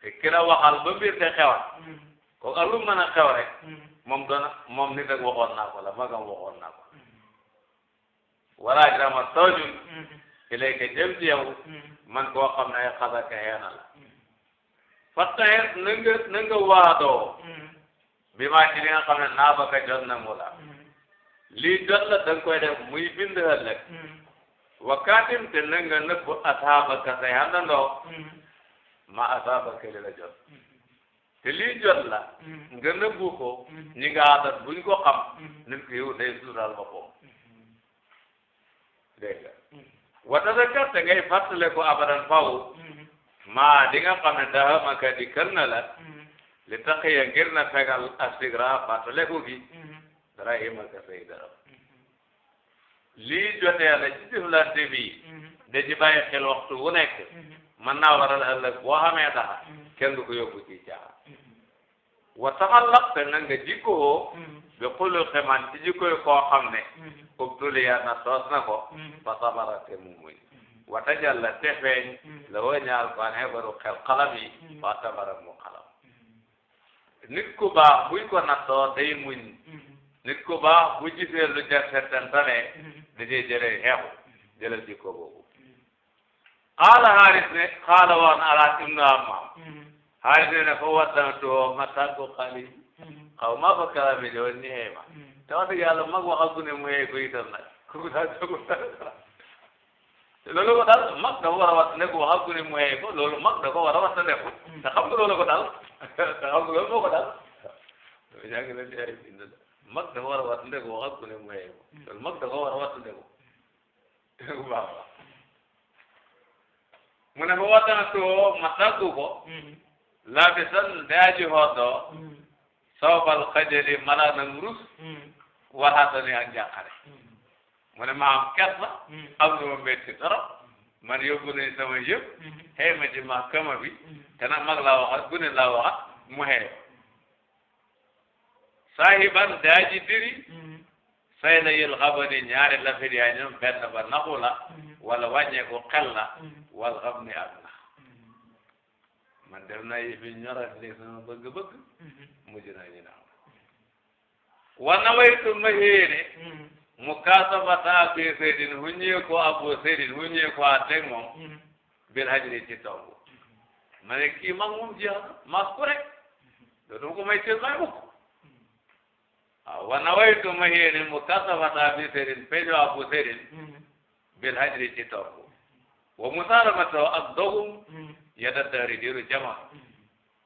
te ki waxal ba mbir te xewal kooku ak lu mën a xew rek moom doona moom nit ak waxoon wala jirama toojul ilayka jëm ci yow man koo xam ne ay xasaka xeena la fattaxet na nga nga waadoo bi maa ci li nga xam ne jot na mu la jot la da nga koy def muy bind ëllëg wakaatim te na nga nëbb asaabaka say àndandoo ma asaabaka li la jot te jot la nga nëbbu ko ñi nga adat buñ ko xam nit ko yow day suural boppam dégg nga watazakar te ngay fàttale ko abadan faw maa di nga xam ne dahamaka di kër na la li tax ya ngir na fegal asigra fàttale ko gi dara imaka dara lii jotee la ci jëflante bi mhm. da ci bàyyi xel waxtu wu nekk mhm. mën naa waral ëllëg boo xamee dara mhm. kenn du ko yóbbu ci caaxaan wa taxallaq te na nga jikkoo bi xuluqi man ci jikkoy koo xam ne ubtuliya na soos na ko ba sabara te mu muñ wa tajalla te feeñ la woo ñaar ko xebaru xel xalam yi wa tabara mu xalam nit ku baax buñ ko nattoo day muñ nit ku baax bu gisee lu jar settantane da cee jëlee xeexu jëlal jikko boobu qaala xaaris ne xaala wax na alaat ibnu ammaam xaaris ne ne ko waddantuwoo ma tàggu xali xaw maa fa kalame jo ni xëy ma te wax dëgg yàlla mag waxagu ne mu xëy ko itam nag kooku daal jogu loolu ko daal mag dafa war a wat ne ko waxagu ne mu xëy ko loolu mag da ko war a wat ne ko te xam nga loolu ko daal te mag dafa war a wattandiku wax ak ku ne mooy mm. yow mag dafa war a wattandiku bu baax a baax mu ne ba wattanatoo ma tàggu ko mm-hmm. laabisan daa ji xootoo mm-hmm. soobal xajali malaanam rus mm-hmm. waxaatani ak njàqare mu ne ma am kersa am na ma métti trop man yóbbu nañ sama yëpp xëy ma ci ma kama bi te nag mag laa gune laa waxat mu xëy saahiban daaji diri mm-hmm. say na yël xabani ñaari lafir yaa ñoom benn ba naxu la mm-hmm. wala wàññeeku xel la mm-hmm. wal xam ni ak nax man def naa yi fi ñorat léegi sama bëgg-bëgg mujj naa ñu naaw wa nawaytu ma héene mu kaasabata abi seydin hu ñëwee ko abu seydin hu ñëwee ko teg moom bil hajri ci ma ne kii mag moom jeex mas ku rek dootuma ko may teel may bukk ونويت مهين مكاتبة أبي سيرين فيجو أبو سيرين بالهجر تتوقو ومسالمة الضغم يد الدهر ديرو جمع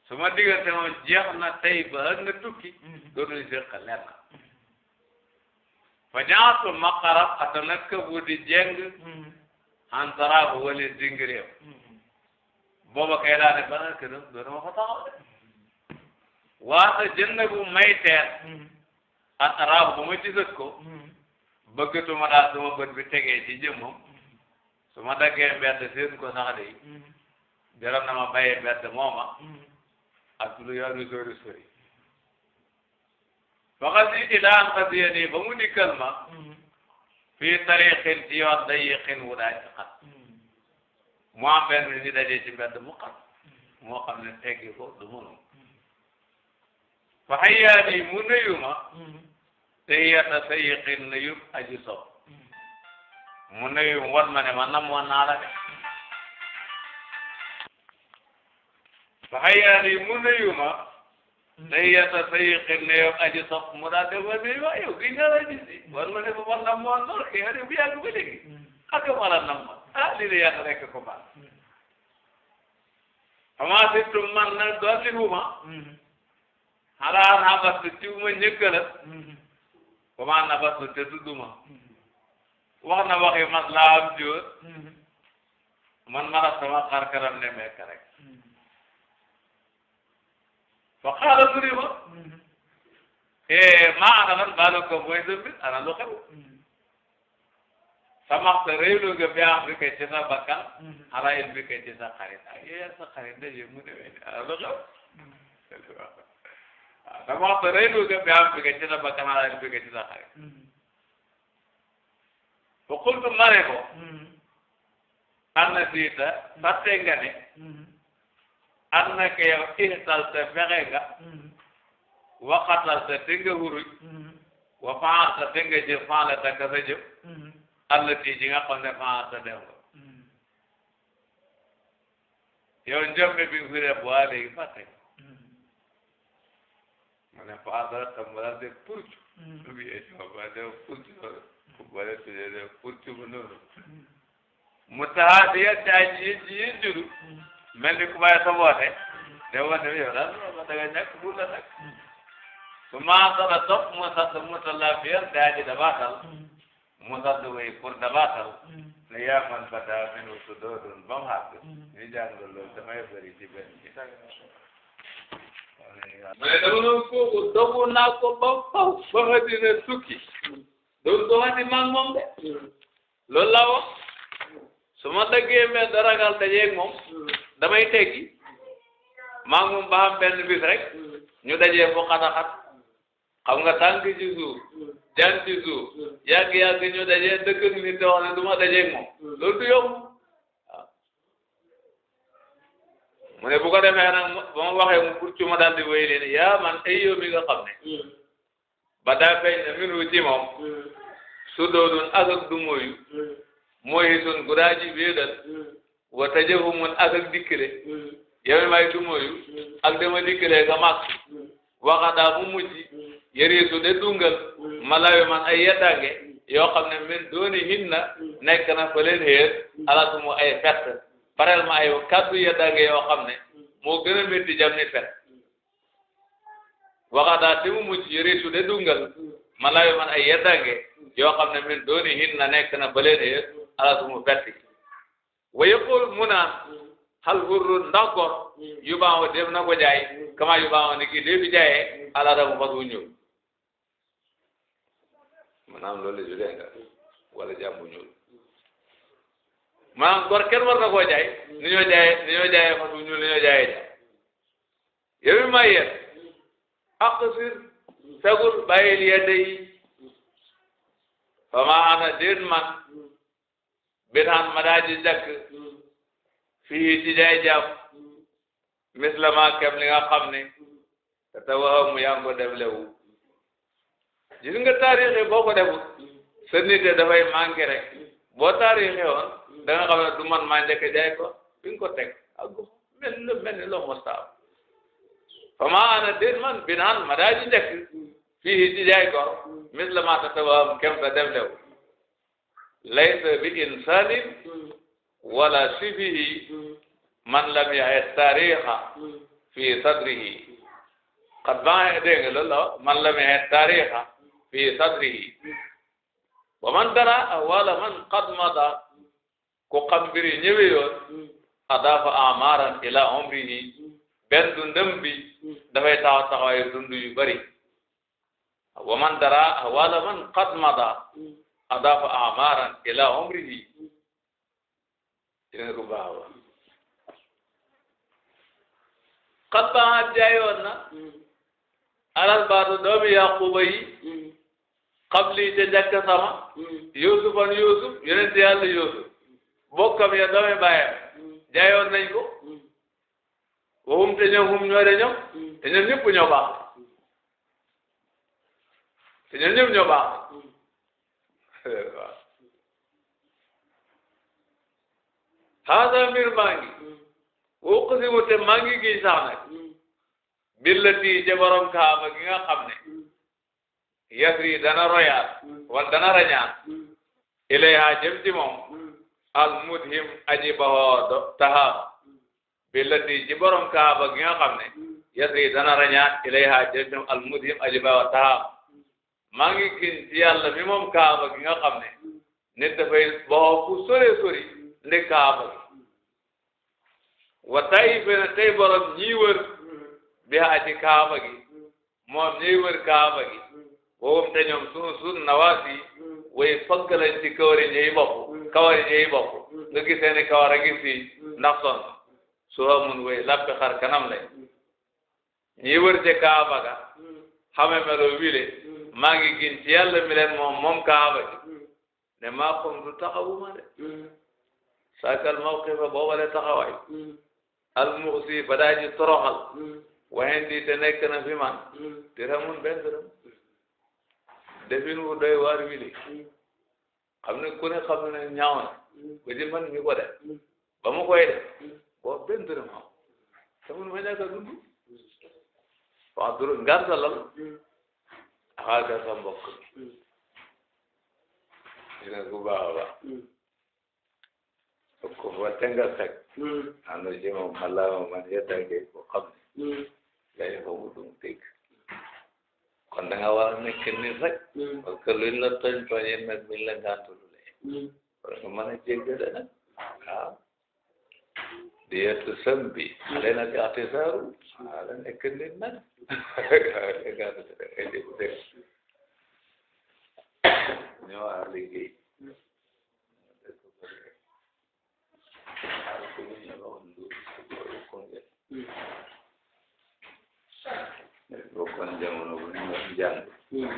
سما ديغا تمام جيخنا تاي بهن توكي دونو سيخ لنا فجعت مقرب أتنكب دي جنگ عن طراب ولي زنجريو بابا كيلاني بنا كنم دونو خطاو واتا جنبو ميتات raaf bu ma gisat ko hmm. bëggatuma daal suma bët bi tegee ci jëmmam hmm. su ma daggee mbedd seen ko sax de hmm. jaral na ma bàyyee mbedd mooma ak lu yor lu sori sori waxal si ilaa an xasiya nii ba mu dikkal ma fii tariqin ci yoon dayiqin wu daa ci xat mu am benn ñu dajee ci mbedd mu xat moo xam ne teggi ko du mënu fa xayyaa nii mu nuyu ma sayyata sayyiqin na yub aji sob mu ne yu won ma ne ma nam woon naa la de sahayaani mu yu ma sayyata sayyiqin na yub aji sob mu daal de ma ne waaye yow gi ñaa la gis won ma ne ma man nam woon lool ki xëy bu yàgg ba léegi ak ma la nam ma ah lii de yàlla rekk ko baax amaa surtout man nag doon li huma xalaat xabas ci ma ñëkkalat comment nabasu te tudduma wax na waxi maslaam jóor man ma la sama xar kanam ne mekk rek fa xaala mu ne ma eh maa ana lan baalu ko mooy dëmbit ana lu xew sama sa réew nga bi am bi kay ci sa bakkan xalaat bi kay ci sa xarit ah eh, yéen sa xarit ndaje mu ne ana lu xew dama taraytu ka bihan fikacita bakanaran fikacita kare fa qultu ma ne ko anna siita fàtte nga ne anna ka yow ihtalta fexe nga waxatalta te nga wuruj wa faalta te nga jëf faalata ka sa jëf allati ji nga xam ne faalta def nga yow njëmbe bi nga fi def waa léegi fàtte nga mu ne faadara tambara de purcu subi e coba de purcu kubare tuje de purcu bu noonu mu taxa di yet daa ji ji yi juru mel ni ku may saboote de wone yow daal ba daga ñàkk bu la nag su maa sara topp mu sadd mu talafiyal daa di dabaatal mu sadd way pour dabaatal ne yaa man ba daa minu su doodun ba mu xàgg ñu jàng loolu damay bëri ci benn ci mais dama naa ko ba faw ba xëddina tukki doon doxati maag moom de loolu laa wax su ma daggee mais da ragal dajeeg moom damay teggi maag moom ba xam benn bis rek ñu dajee fu xat a xam nga tànk ci suuf jaan ci suuf yàgg-yàgg ñu dajee dëkk nit te wax ne ma dajeeg moom loolu du mu ne bu ko defee nag ba ma waxee mu pour ci ma daal di wéy leen yaa man ay yow mi nga xam hmm. ba daa feeñ na minu ci moom hmm. su doonun ak ak du moyu hmm. mooyi sun gudaaji wéedal wa tajafu mun ak ak dikkale yow may du moyu ak dama dikkalee ka màgg waxadaa mu mujj yëri su de dungal malawi man ay yeddaange yoo xam ne min dooni hinna nekk na fa leen xéer ala su mu ay pareel ma ay kàddu yeddaange yoo xam ne moo gën a métti jam ni fet waxadaa te mu mucc yëre su de dungal ma laayu man ay yeddaange yoo xam ne min dooni hin na nekk na ba leen yëg mu fetti wa mu naan xal hurru ndax gor yu baaxoo dem na ko jaay kama yu baaxoo ni kii dee bi jaayee ala da mu fas wu ñëw maanaam loolu la ju nga wala jàmm bu maanaam ngor kenn war na koo jaay ni ñoo jaayee ni ñoo jaayee fas yu ñuul ni ñoo jaayee jaay yow mi may yéen aqsir sagul bàyyil yedde yi fa maa ana déet man binaan ma daa ji jakk fii ci jaay jàpp misla maa kem li nga xam ne te tawahamu yaa ngi ko nga taarix boo ko defut sa nit dafay manqué rek boo taarixee woon da nga xam ne du man maa njëkk jaay ko fi nga ko teg man binaan ma daa ji njëkk fii la tatawam kem ta dem bi insanin wala sifihi man lam yahes taarixa fi sadrihi xat baa dégg nga man lam yahes taarixa fi sadrihi wa man dara wala man qad mada ku xam mbir yi ñëwee yoon mm. adafa amaran umrihi mm. benn dundam bi mm. dafay taxaw taxawaayu yu bari wa man dara wala man qad mada adafa amaran umrihi dina ko baawa qad baa jaayoon na alal baatu doomi yaquba yi qabli ca jàkka sama yusufan yusuf yonent yàlla yusuf bokkam ya doomi baayam jaayoon nañ ko waxum te ñoom xum ñoo de ñoom te ñoom ñëpp ñoo baax te ñoom ñëpp ñoo baax haasa mbir maa ngi woo xasimu te maa ngi gii sax nag billati jabarom kaaba gi nga xam ne yasri dana royaat wala dana rañaan ilayha jëm ci moom almudhim aji bahoo taxaam bi lati ji borom kaaba gi nga xam ne yasri dana rañaan ilayha jël ñoom almudhim aji bahoo taxaam maa ngi giñ ci yàlla mi moom kaaba gi nga xam ne nit dafay bahoo fu sore sori ndi kaaba gi wa tay fe na borom ñii wër bi aji kaaba gi moom ñii wër kaaba gi woowum te ñoom sunu sun nawaasi way fakk lañ ci kawari ñëy bopp mm. kawari nga gisee ni ndax son soo amun way lappi xar kanam lañ wër ca kaaba ga xame mm. melo wile mm. maa ngi gin ci yàlla mi leen moom moom kaaba ne maa kom du taxawuma de saakal mawqifa boobale taxawaay al muxsi ba daa toroxal waxen di te nekk na fi man diramun benn dërëm defin wu doy waar wili xam ne ku ne ne ñaaw na ba mm. ci man mi ko def ba mu koy def mm. boo benn dërëm am te mun ma ñàkk a dund wax duru ngartalal axaaga sa mbokk bi dina ku baax a baax mm. ko fa tenga teg ando ci moom malaama man yettangee ko xam ne lay fa mu dum dégg kon da nga war a nekk nit rek. parce que luñ la tooñ tooñee nag buñ la gàntululee. war nga mën a jéggale nag waaw. diyatu sambi. xale na gàtte saaru. waaw la nekk nit nag. ñoo a liggéey. bokkoon jamono bu ñu doon jàng hmm.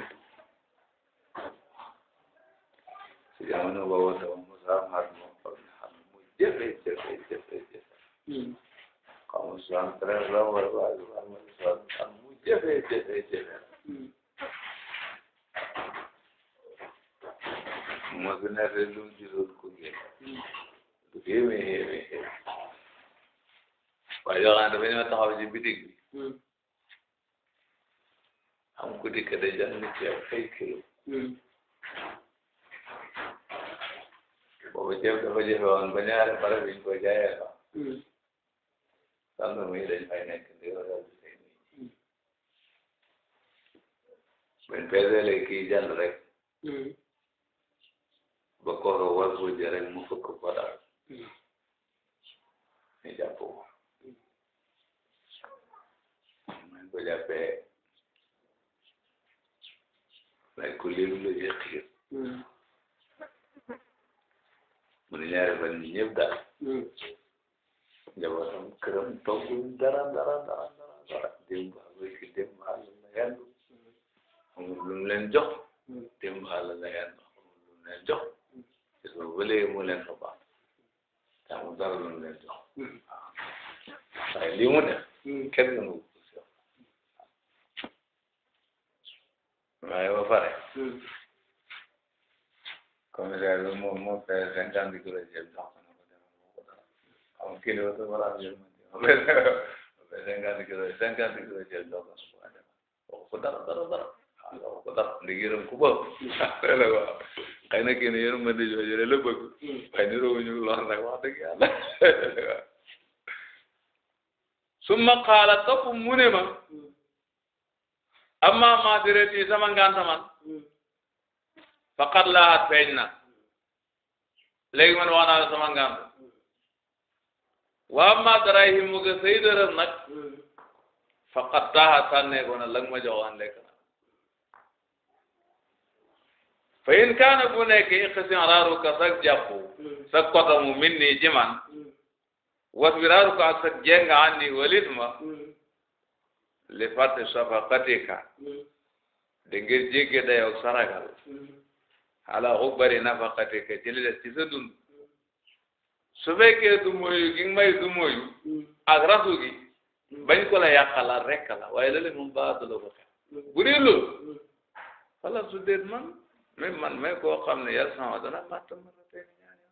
si jamono boobu tam Musa Mar moo ko xam mu jëfe jëfe jëfe jëfe hmm. comme soixante-treize la war ba xam mu jëfe jëfe jëfe mosu hmm. nekk lu mu juróon ku ngeen lu yéeme yéeme yéeme waaye yoo xam ne dafa ñëw taxaw ci bitig bi am ku dikk de jàng ci ak ay kilo boobu ceeb dafa jafe ba ñaari barab yi ñu ko jaayee la sànni muy dañ fay nekk di ko daal di seen nit buñ peeselee kii jàll rek ba kooro war bu jë rek mu fëkk ko daal ñu jàpp ko ko jàppee waaye ku lim lu ci xiir hmm. mu ne ñaari fan ñi ñëpp daal hmm. njabootam këram toggul dara dara dara dara démb ki démb xàll la yandu amul lu mu leen jox hmm. démb xàll la yandu amul lu mu leen jox te soo bëlee mu leen fa baax te amul dara lu mu leen jox waaye lii mu def kenn mënu commissaire bi moom moo fay cinquante kilos ceeb jox ko ne ko demal ma ko dara xam nga kilo te war a jël ma fay cinquante kilos cinquante kilos ceeb jox ko ne ko demal waxu ko dara dara dara waxu ko dara ndi yërëm ku bëgg la ko xëy na kii ne yërmande jooju la bëgg waaye ni roo ñu lor nag wax dëgg yàlla summa qaala topp mu ne ma amma maasirati sama ngaan saman faqat laa feeñ na léegi man wax naa la sama ngànt waa ma dara yi mu ga say dërëm nag faqat taa sànnee ko na la ma joxoon lekk na fa in kaana bu nekkee xisin raaru ka sag jàppu sag kotamu min nii ci man wat wi raaru ka sag jenga andi walit ma li fàtte safaqatika de ngir jégge dayoog saragal ala xubari nafaqatika ci li des ci sa dund su fekkee du gi may du ak rasu gi bañ ko la yàqalaat rekk la waaye lale moom baatu la ko xel bu dee loolu wala su man mais man may koo xam ne yàlla sama dana fàtta mën a tey ni ñaari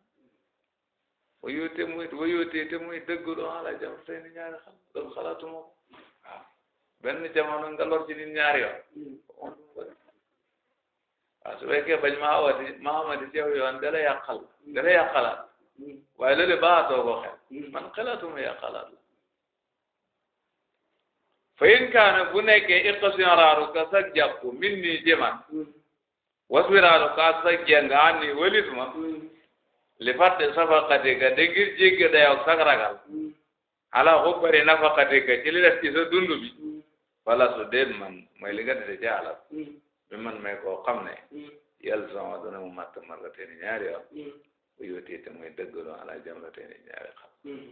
wa yóotee muy wa yóotee te muy dëggaloo ala jam tey ni ñaari xal loolu xalaatuma ko waaw benn jamono nga lor ci nit ñaari yoon waaw su fekkee bañ maa wati maa ma di ci yow yoon dala yàqal dala waaye loolu baaxatoo ko xel man xelaatuma yàqalaat la fa in kaana bu nekkee iqtiraaru ka sag jàpp min nii jëman waswiraaru ka sag jàng an nii walit ma li fàtte safaqatika de ngir jéggi dayow sag ragal ala xubbari nafaqatika ci li def ci sa dund bi wala man mooy li nga def mi man may koo xam ne mm. yàlla sama dana mu matt marratayni ñaari yoon mm. bu yóotee te muy dëggaloo ala jamratayni ñaari xam mm.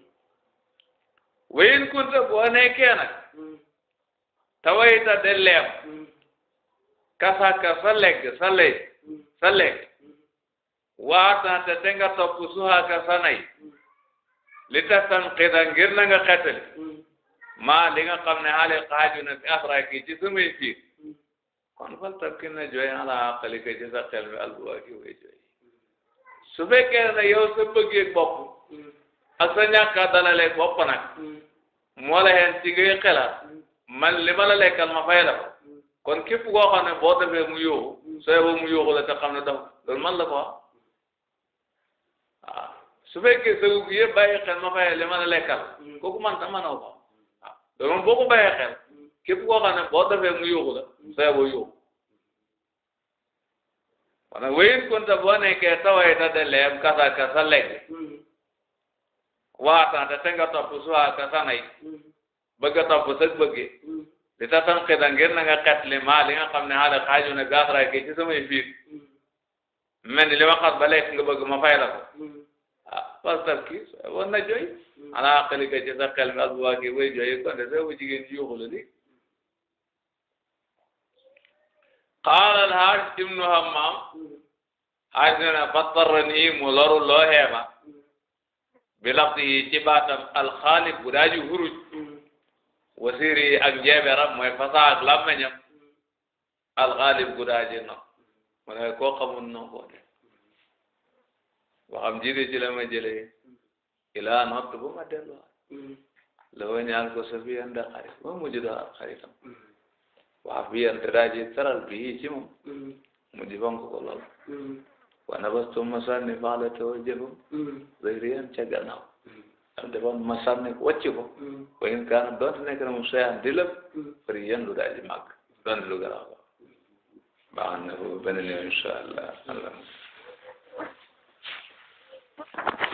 wayin kunta boo nekkee nag tawayta de leem kasaka sa legg sa legg sa legg waatante te nga topp suhaaka sa nay li tax tan na nga xetali maa li nga xam ne xaali xaaju na fi afraaki ci samay fiir kon fal takkin na jooy ala aqali ka ci sa xel mi albuwaaki way jooy su fekkee ne yow sa bëggee bopp ak sa ñàkk a dalalee bopp nag moo la heen ci man li la lekkal ma fay la kon képp koo xam ne boo defee mu yóoxu soo yóoxu mu yóoxu la te ne daf loolu man la ko wax waaw su fekkee sa yëpp bàyyi xel ma fay li ma la lekkal kooku man ta manoo ko waaw loolu moom boo képp koo xam ne boo mu yóbbu la sooy boo yóbbu wala wéyin konta boo nekkee taway ta de leem kasa kasa lekk waatan te te nga topp nay bëgg a topp sag li ta tan ngir na nga li maa li nga xam ne xaale xaaju ne gaasara ki ci samay ni li ma xas ba lekk nga bëgg ma la ko ah pas tab kii war na jooy ala xelika ci sa xel mi ak waa gi way jooyi kon de soo qaala al-Haaj ibnu Hammaam haaj nee na battarani mu loru loo xeema bi lafdi ci baatam alxaalib bu daaji huruj wasiir yi ak njeeberam mooy fasaa ak làmmeñam alxaalib bu daaji no mu ne koo xamul no ko de waxam jiite ci la ma jëlee ilaa nott bu ma delluwaat la wa ñaan ko safiyan da xarit ma mujj doon xaritam waa fi yan daraa ji taral bii ci moom. mu ji fonk ko lool. wa nabastu masanni faala tawajjahu. zahriyan ca gannaaw. am defoon masanni wàcc ko. wa in kaana donte nekk na mu soyaan di lëpp. Mm. fari yan lu daa ji màgg donte lu garaaw la. baax na ko beneen yoon incha allah.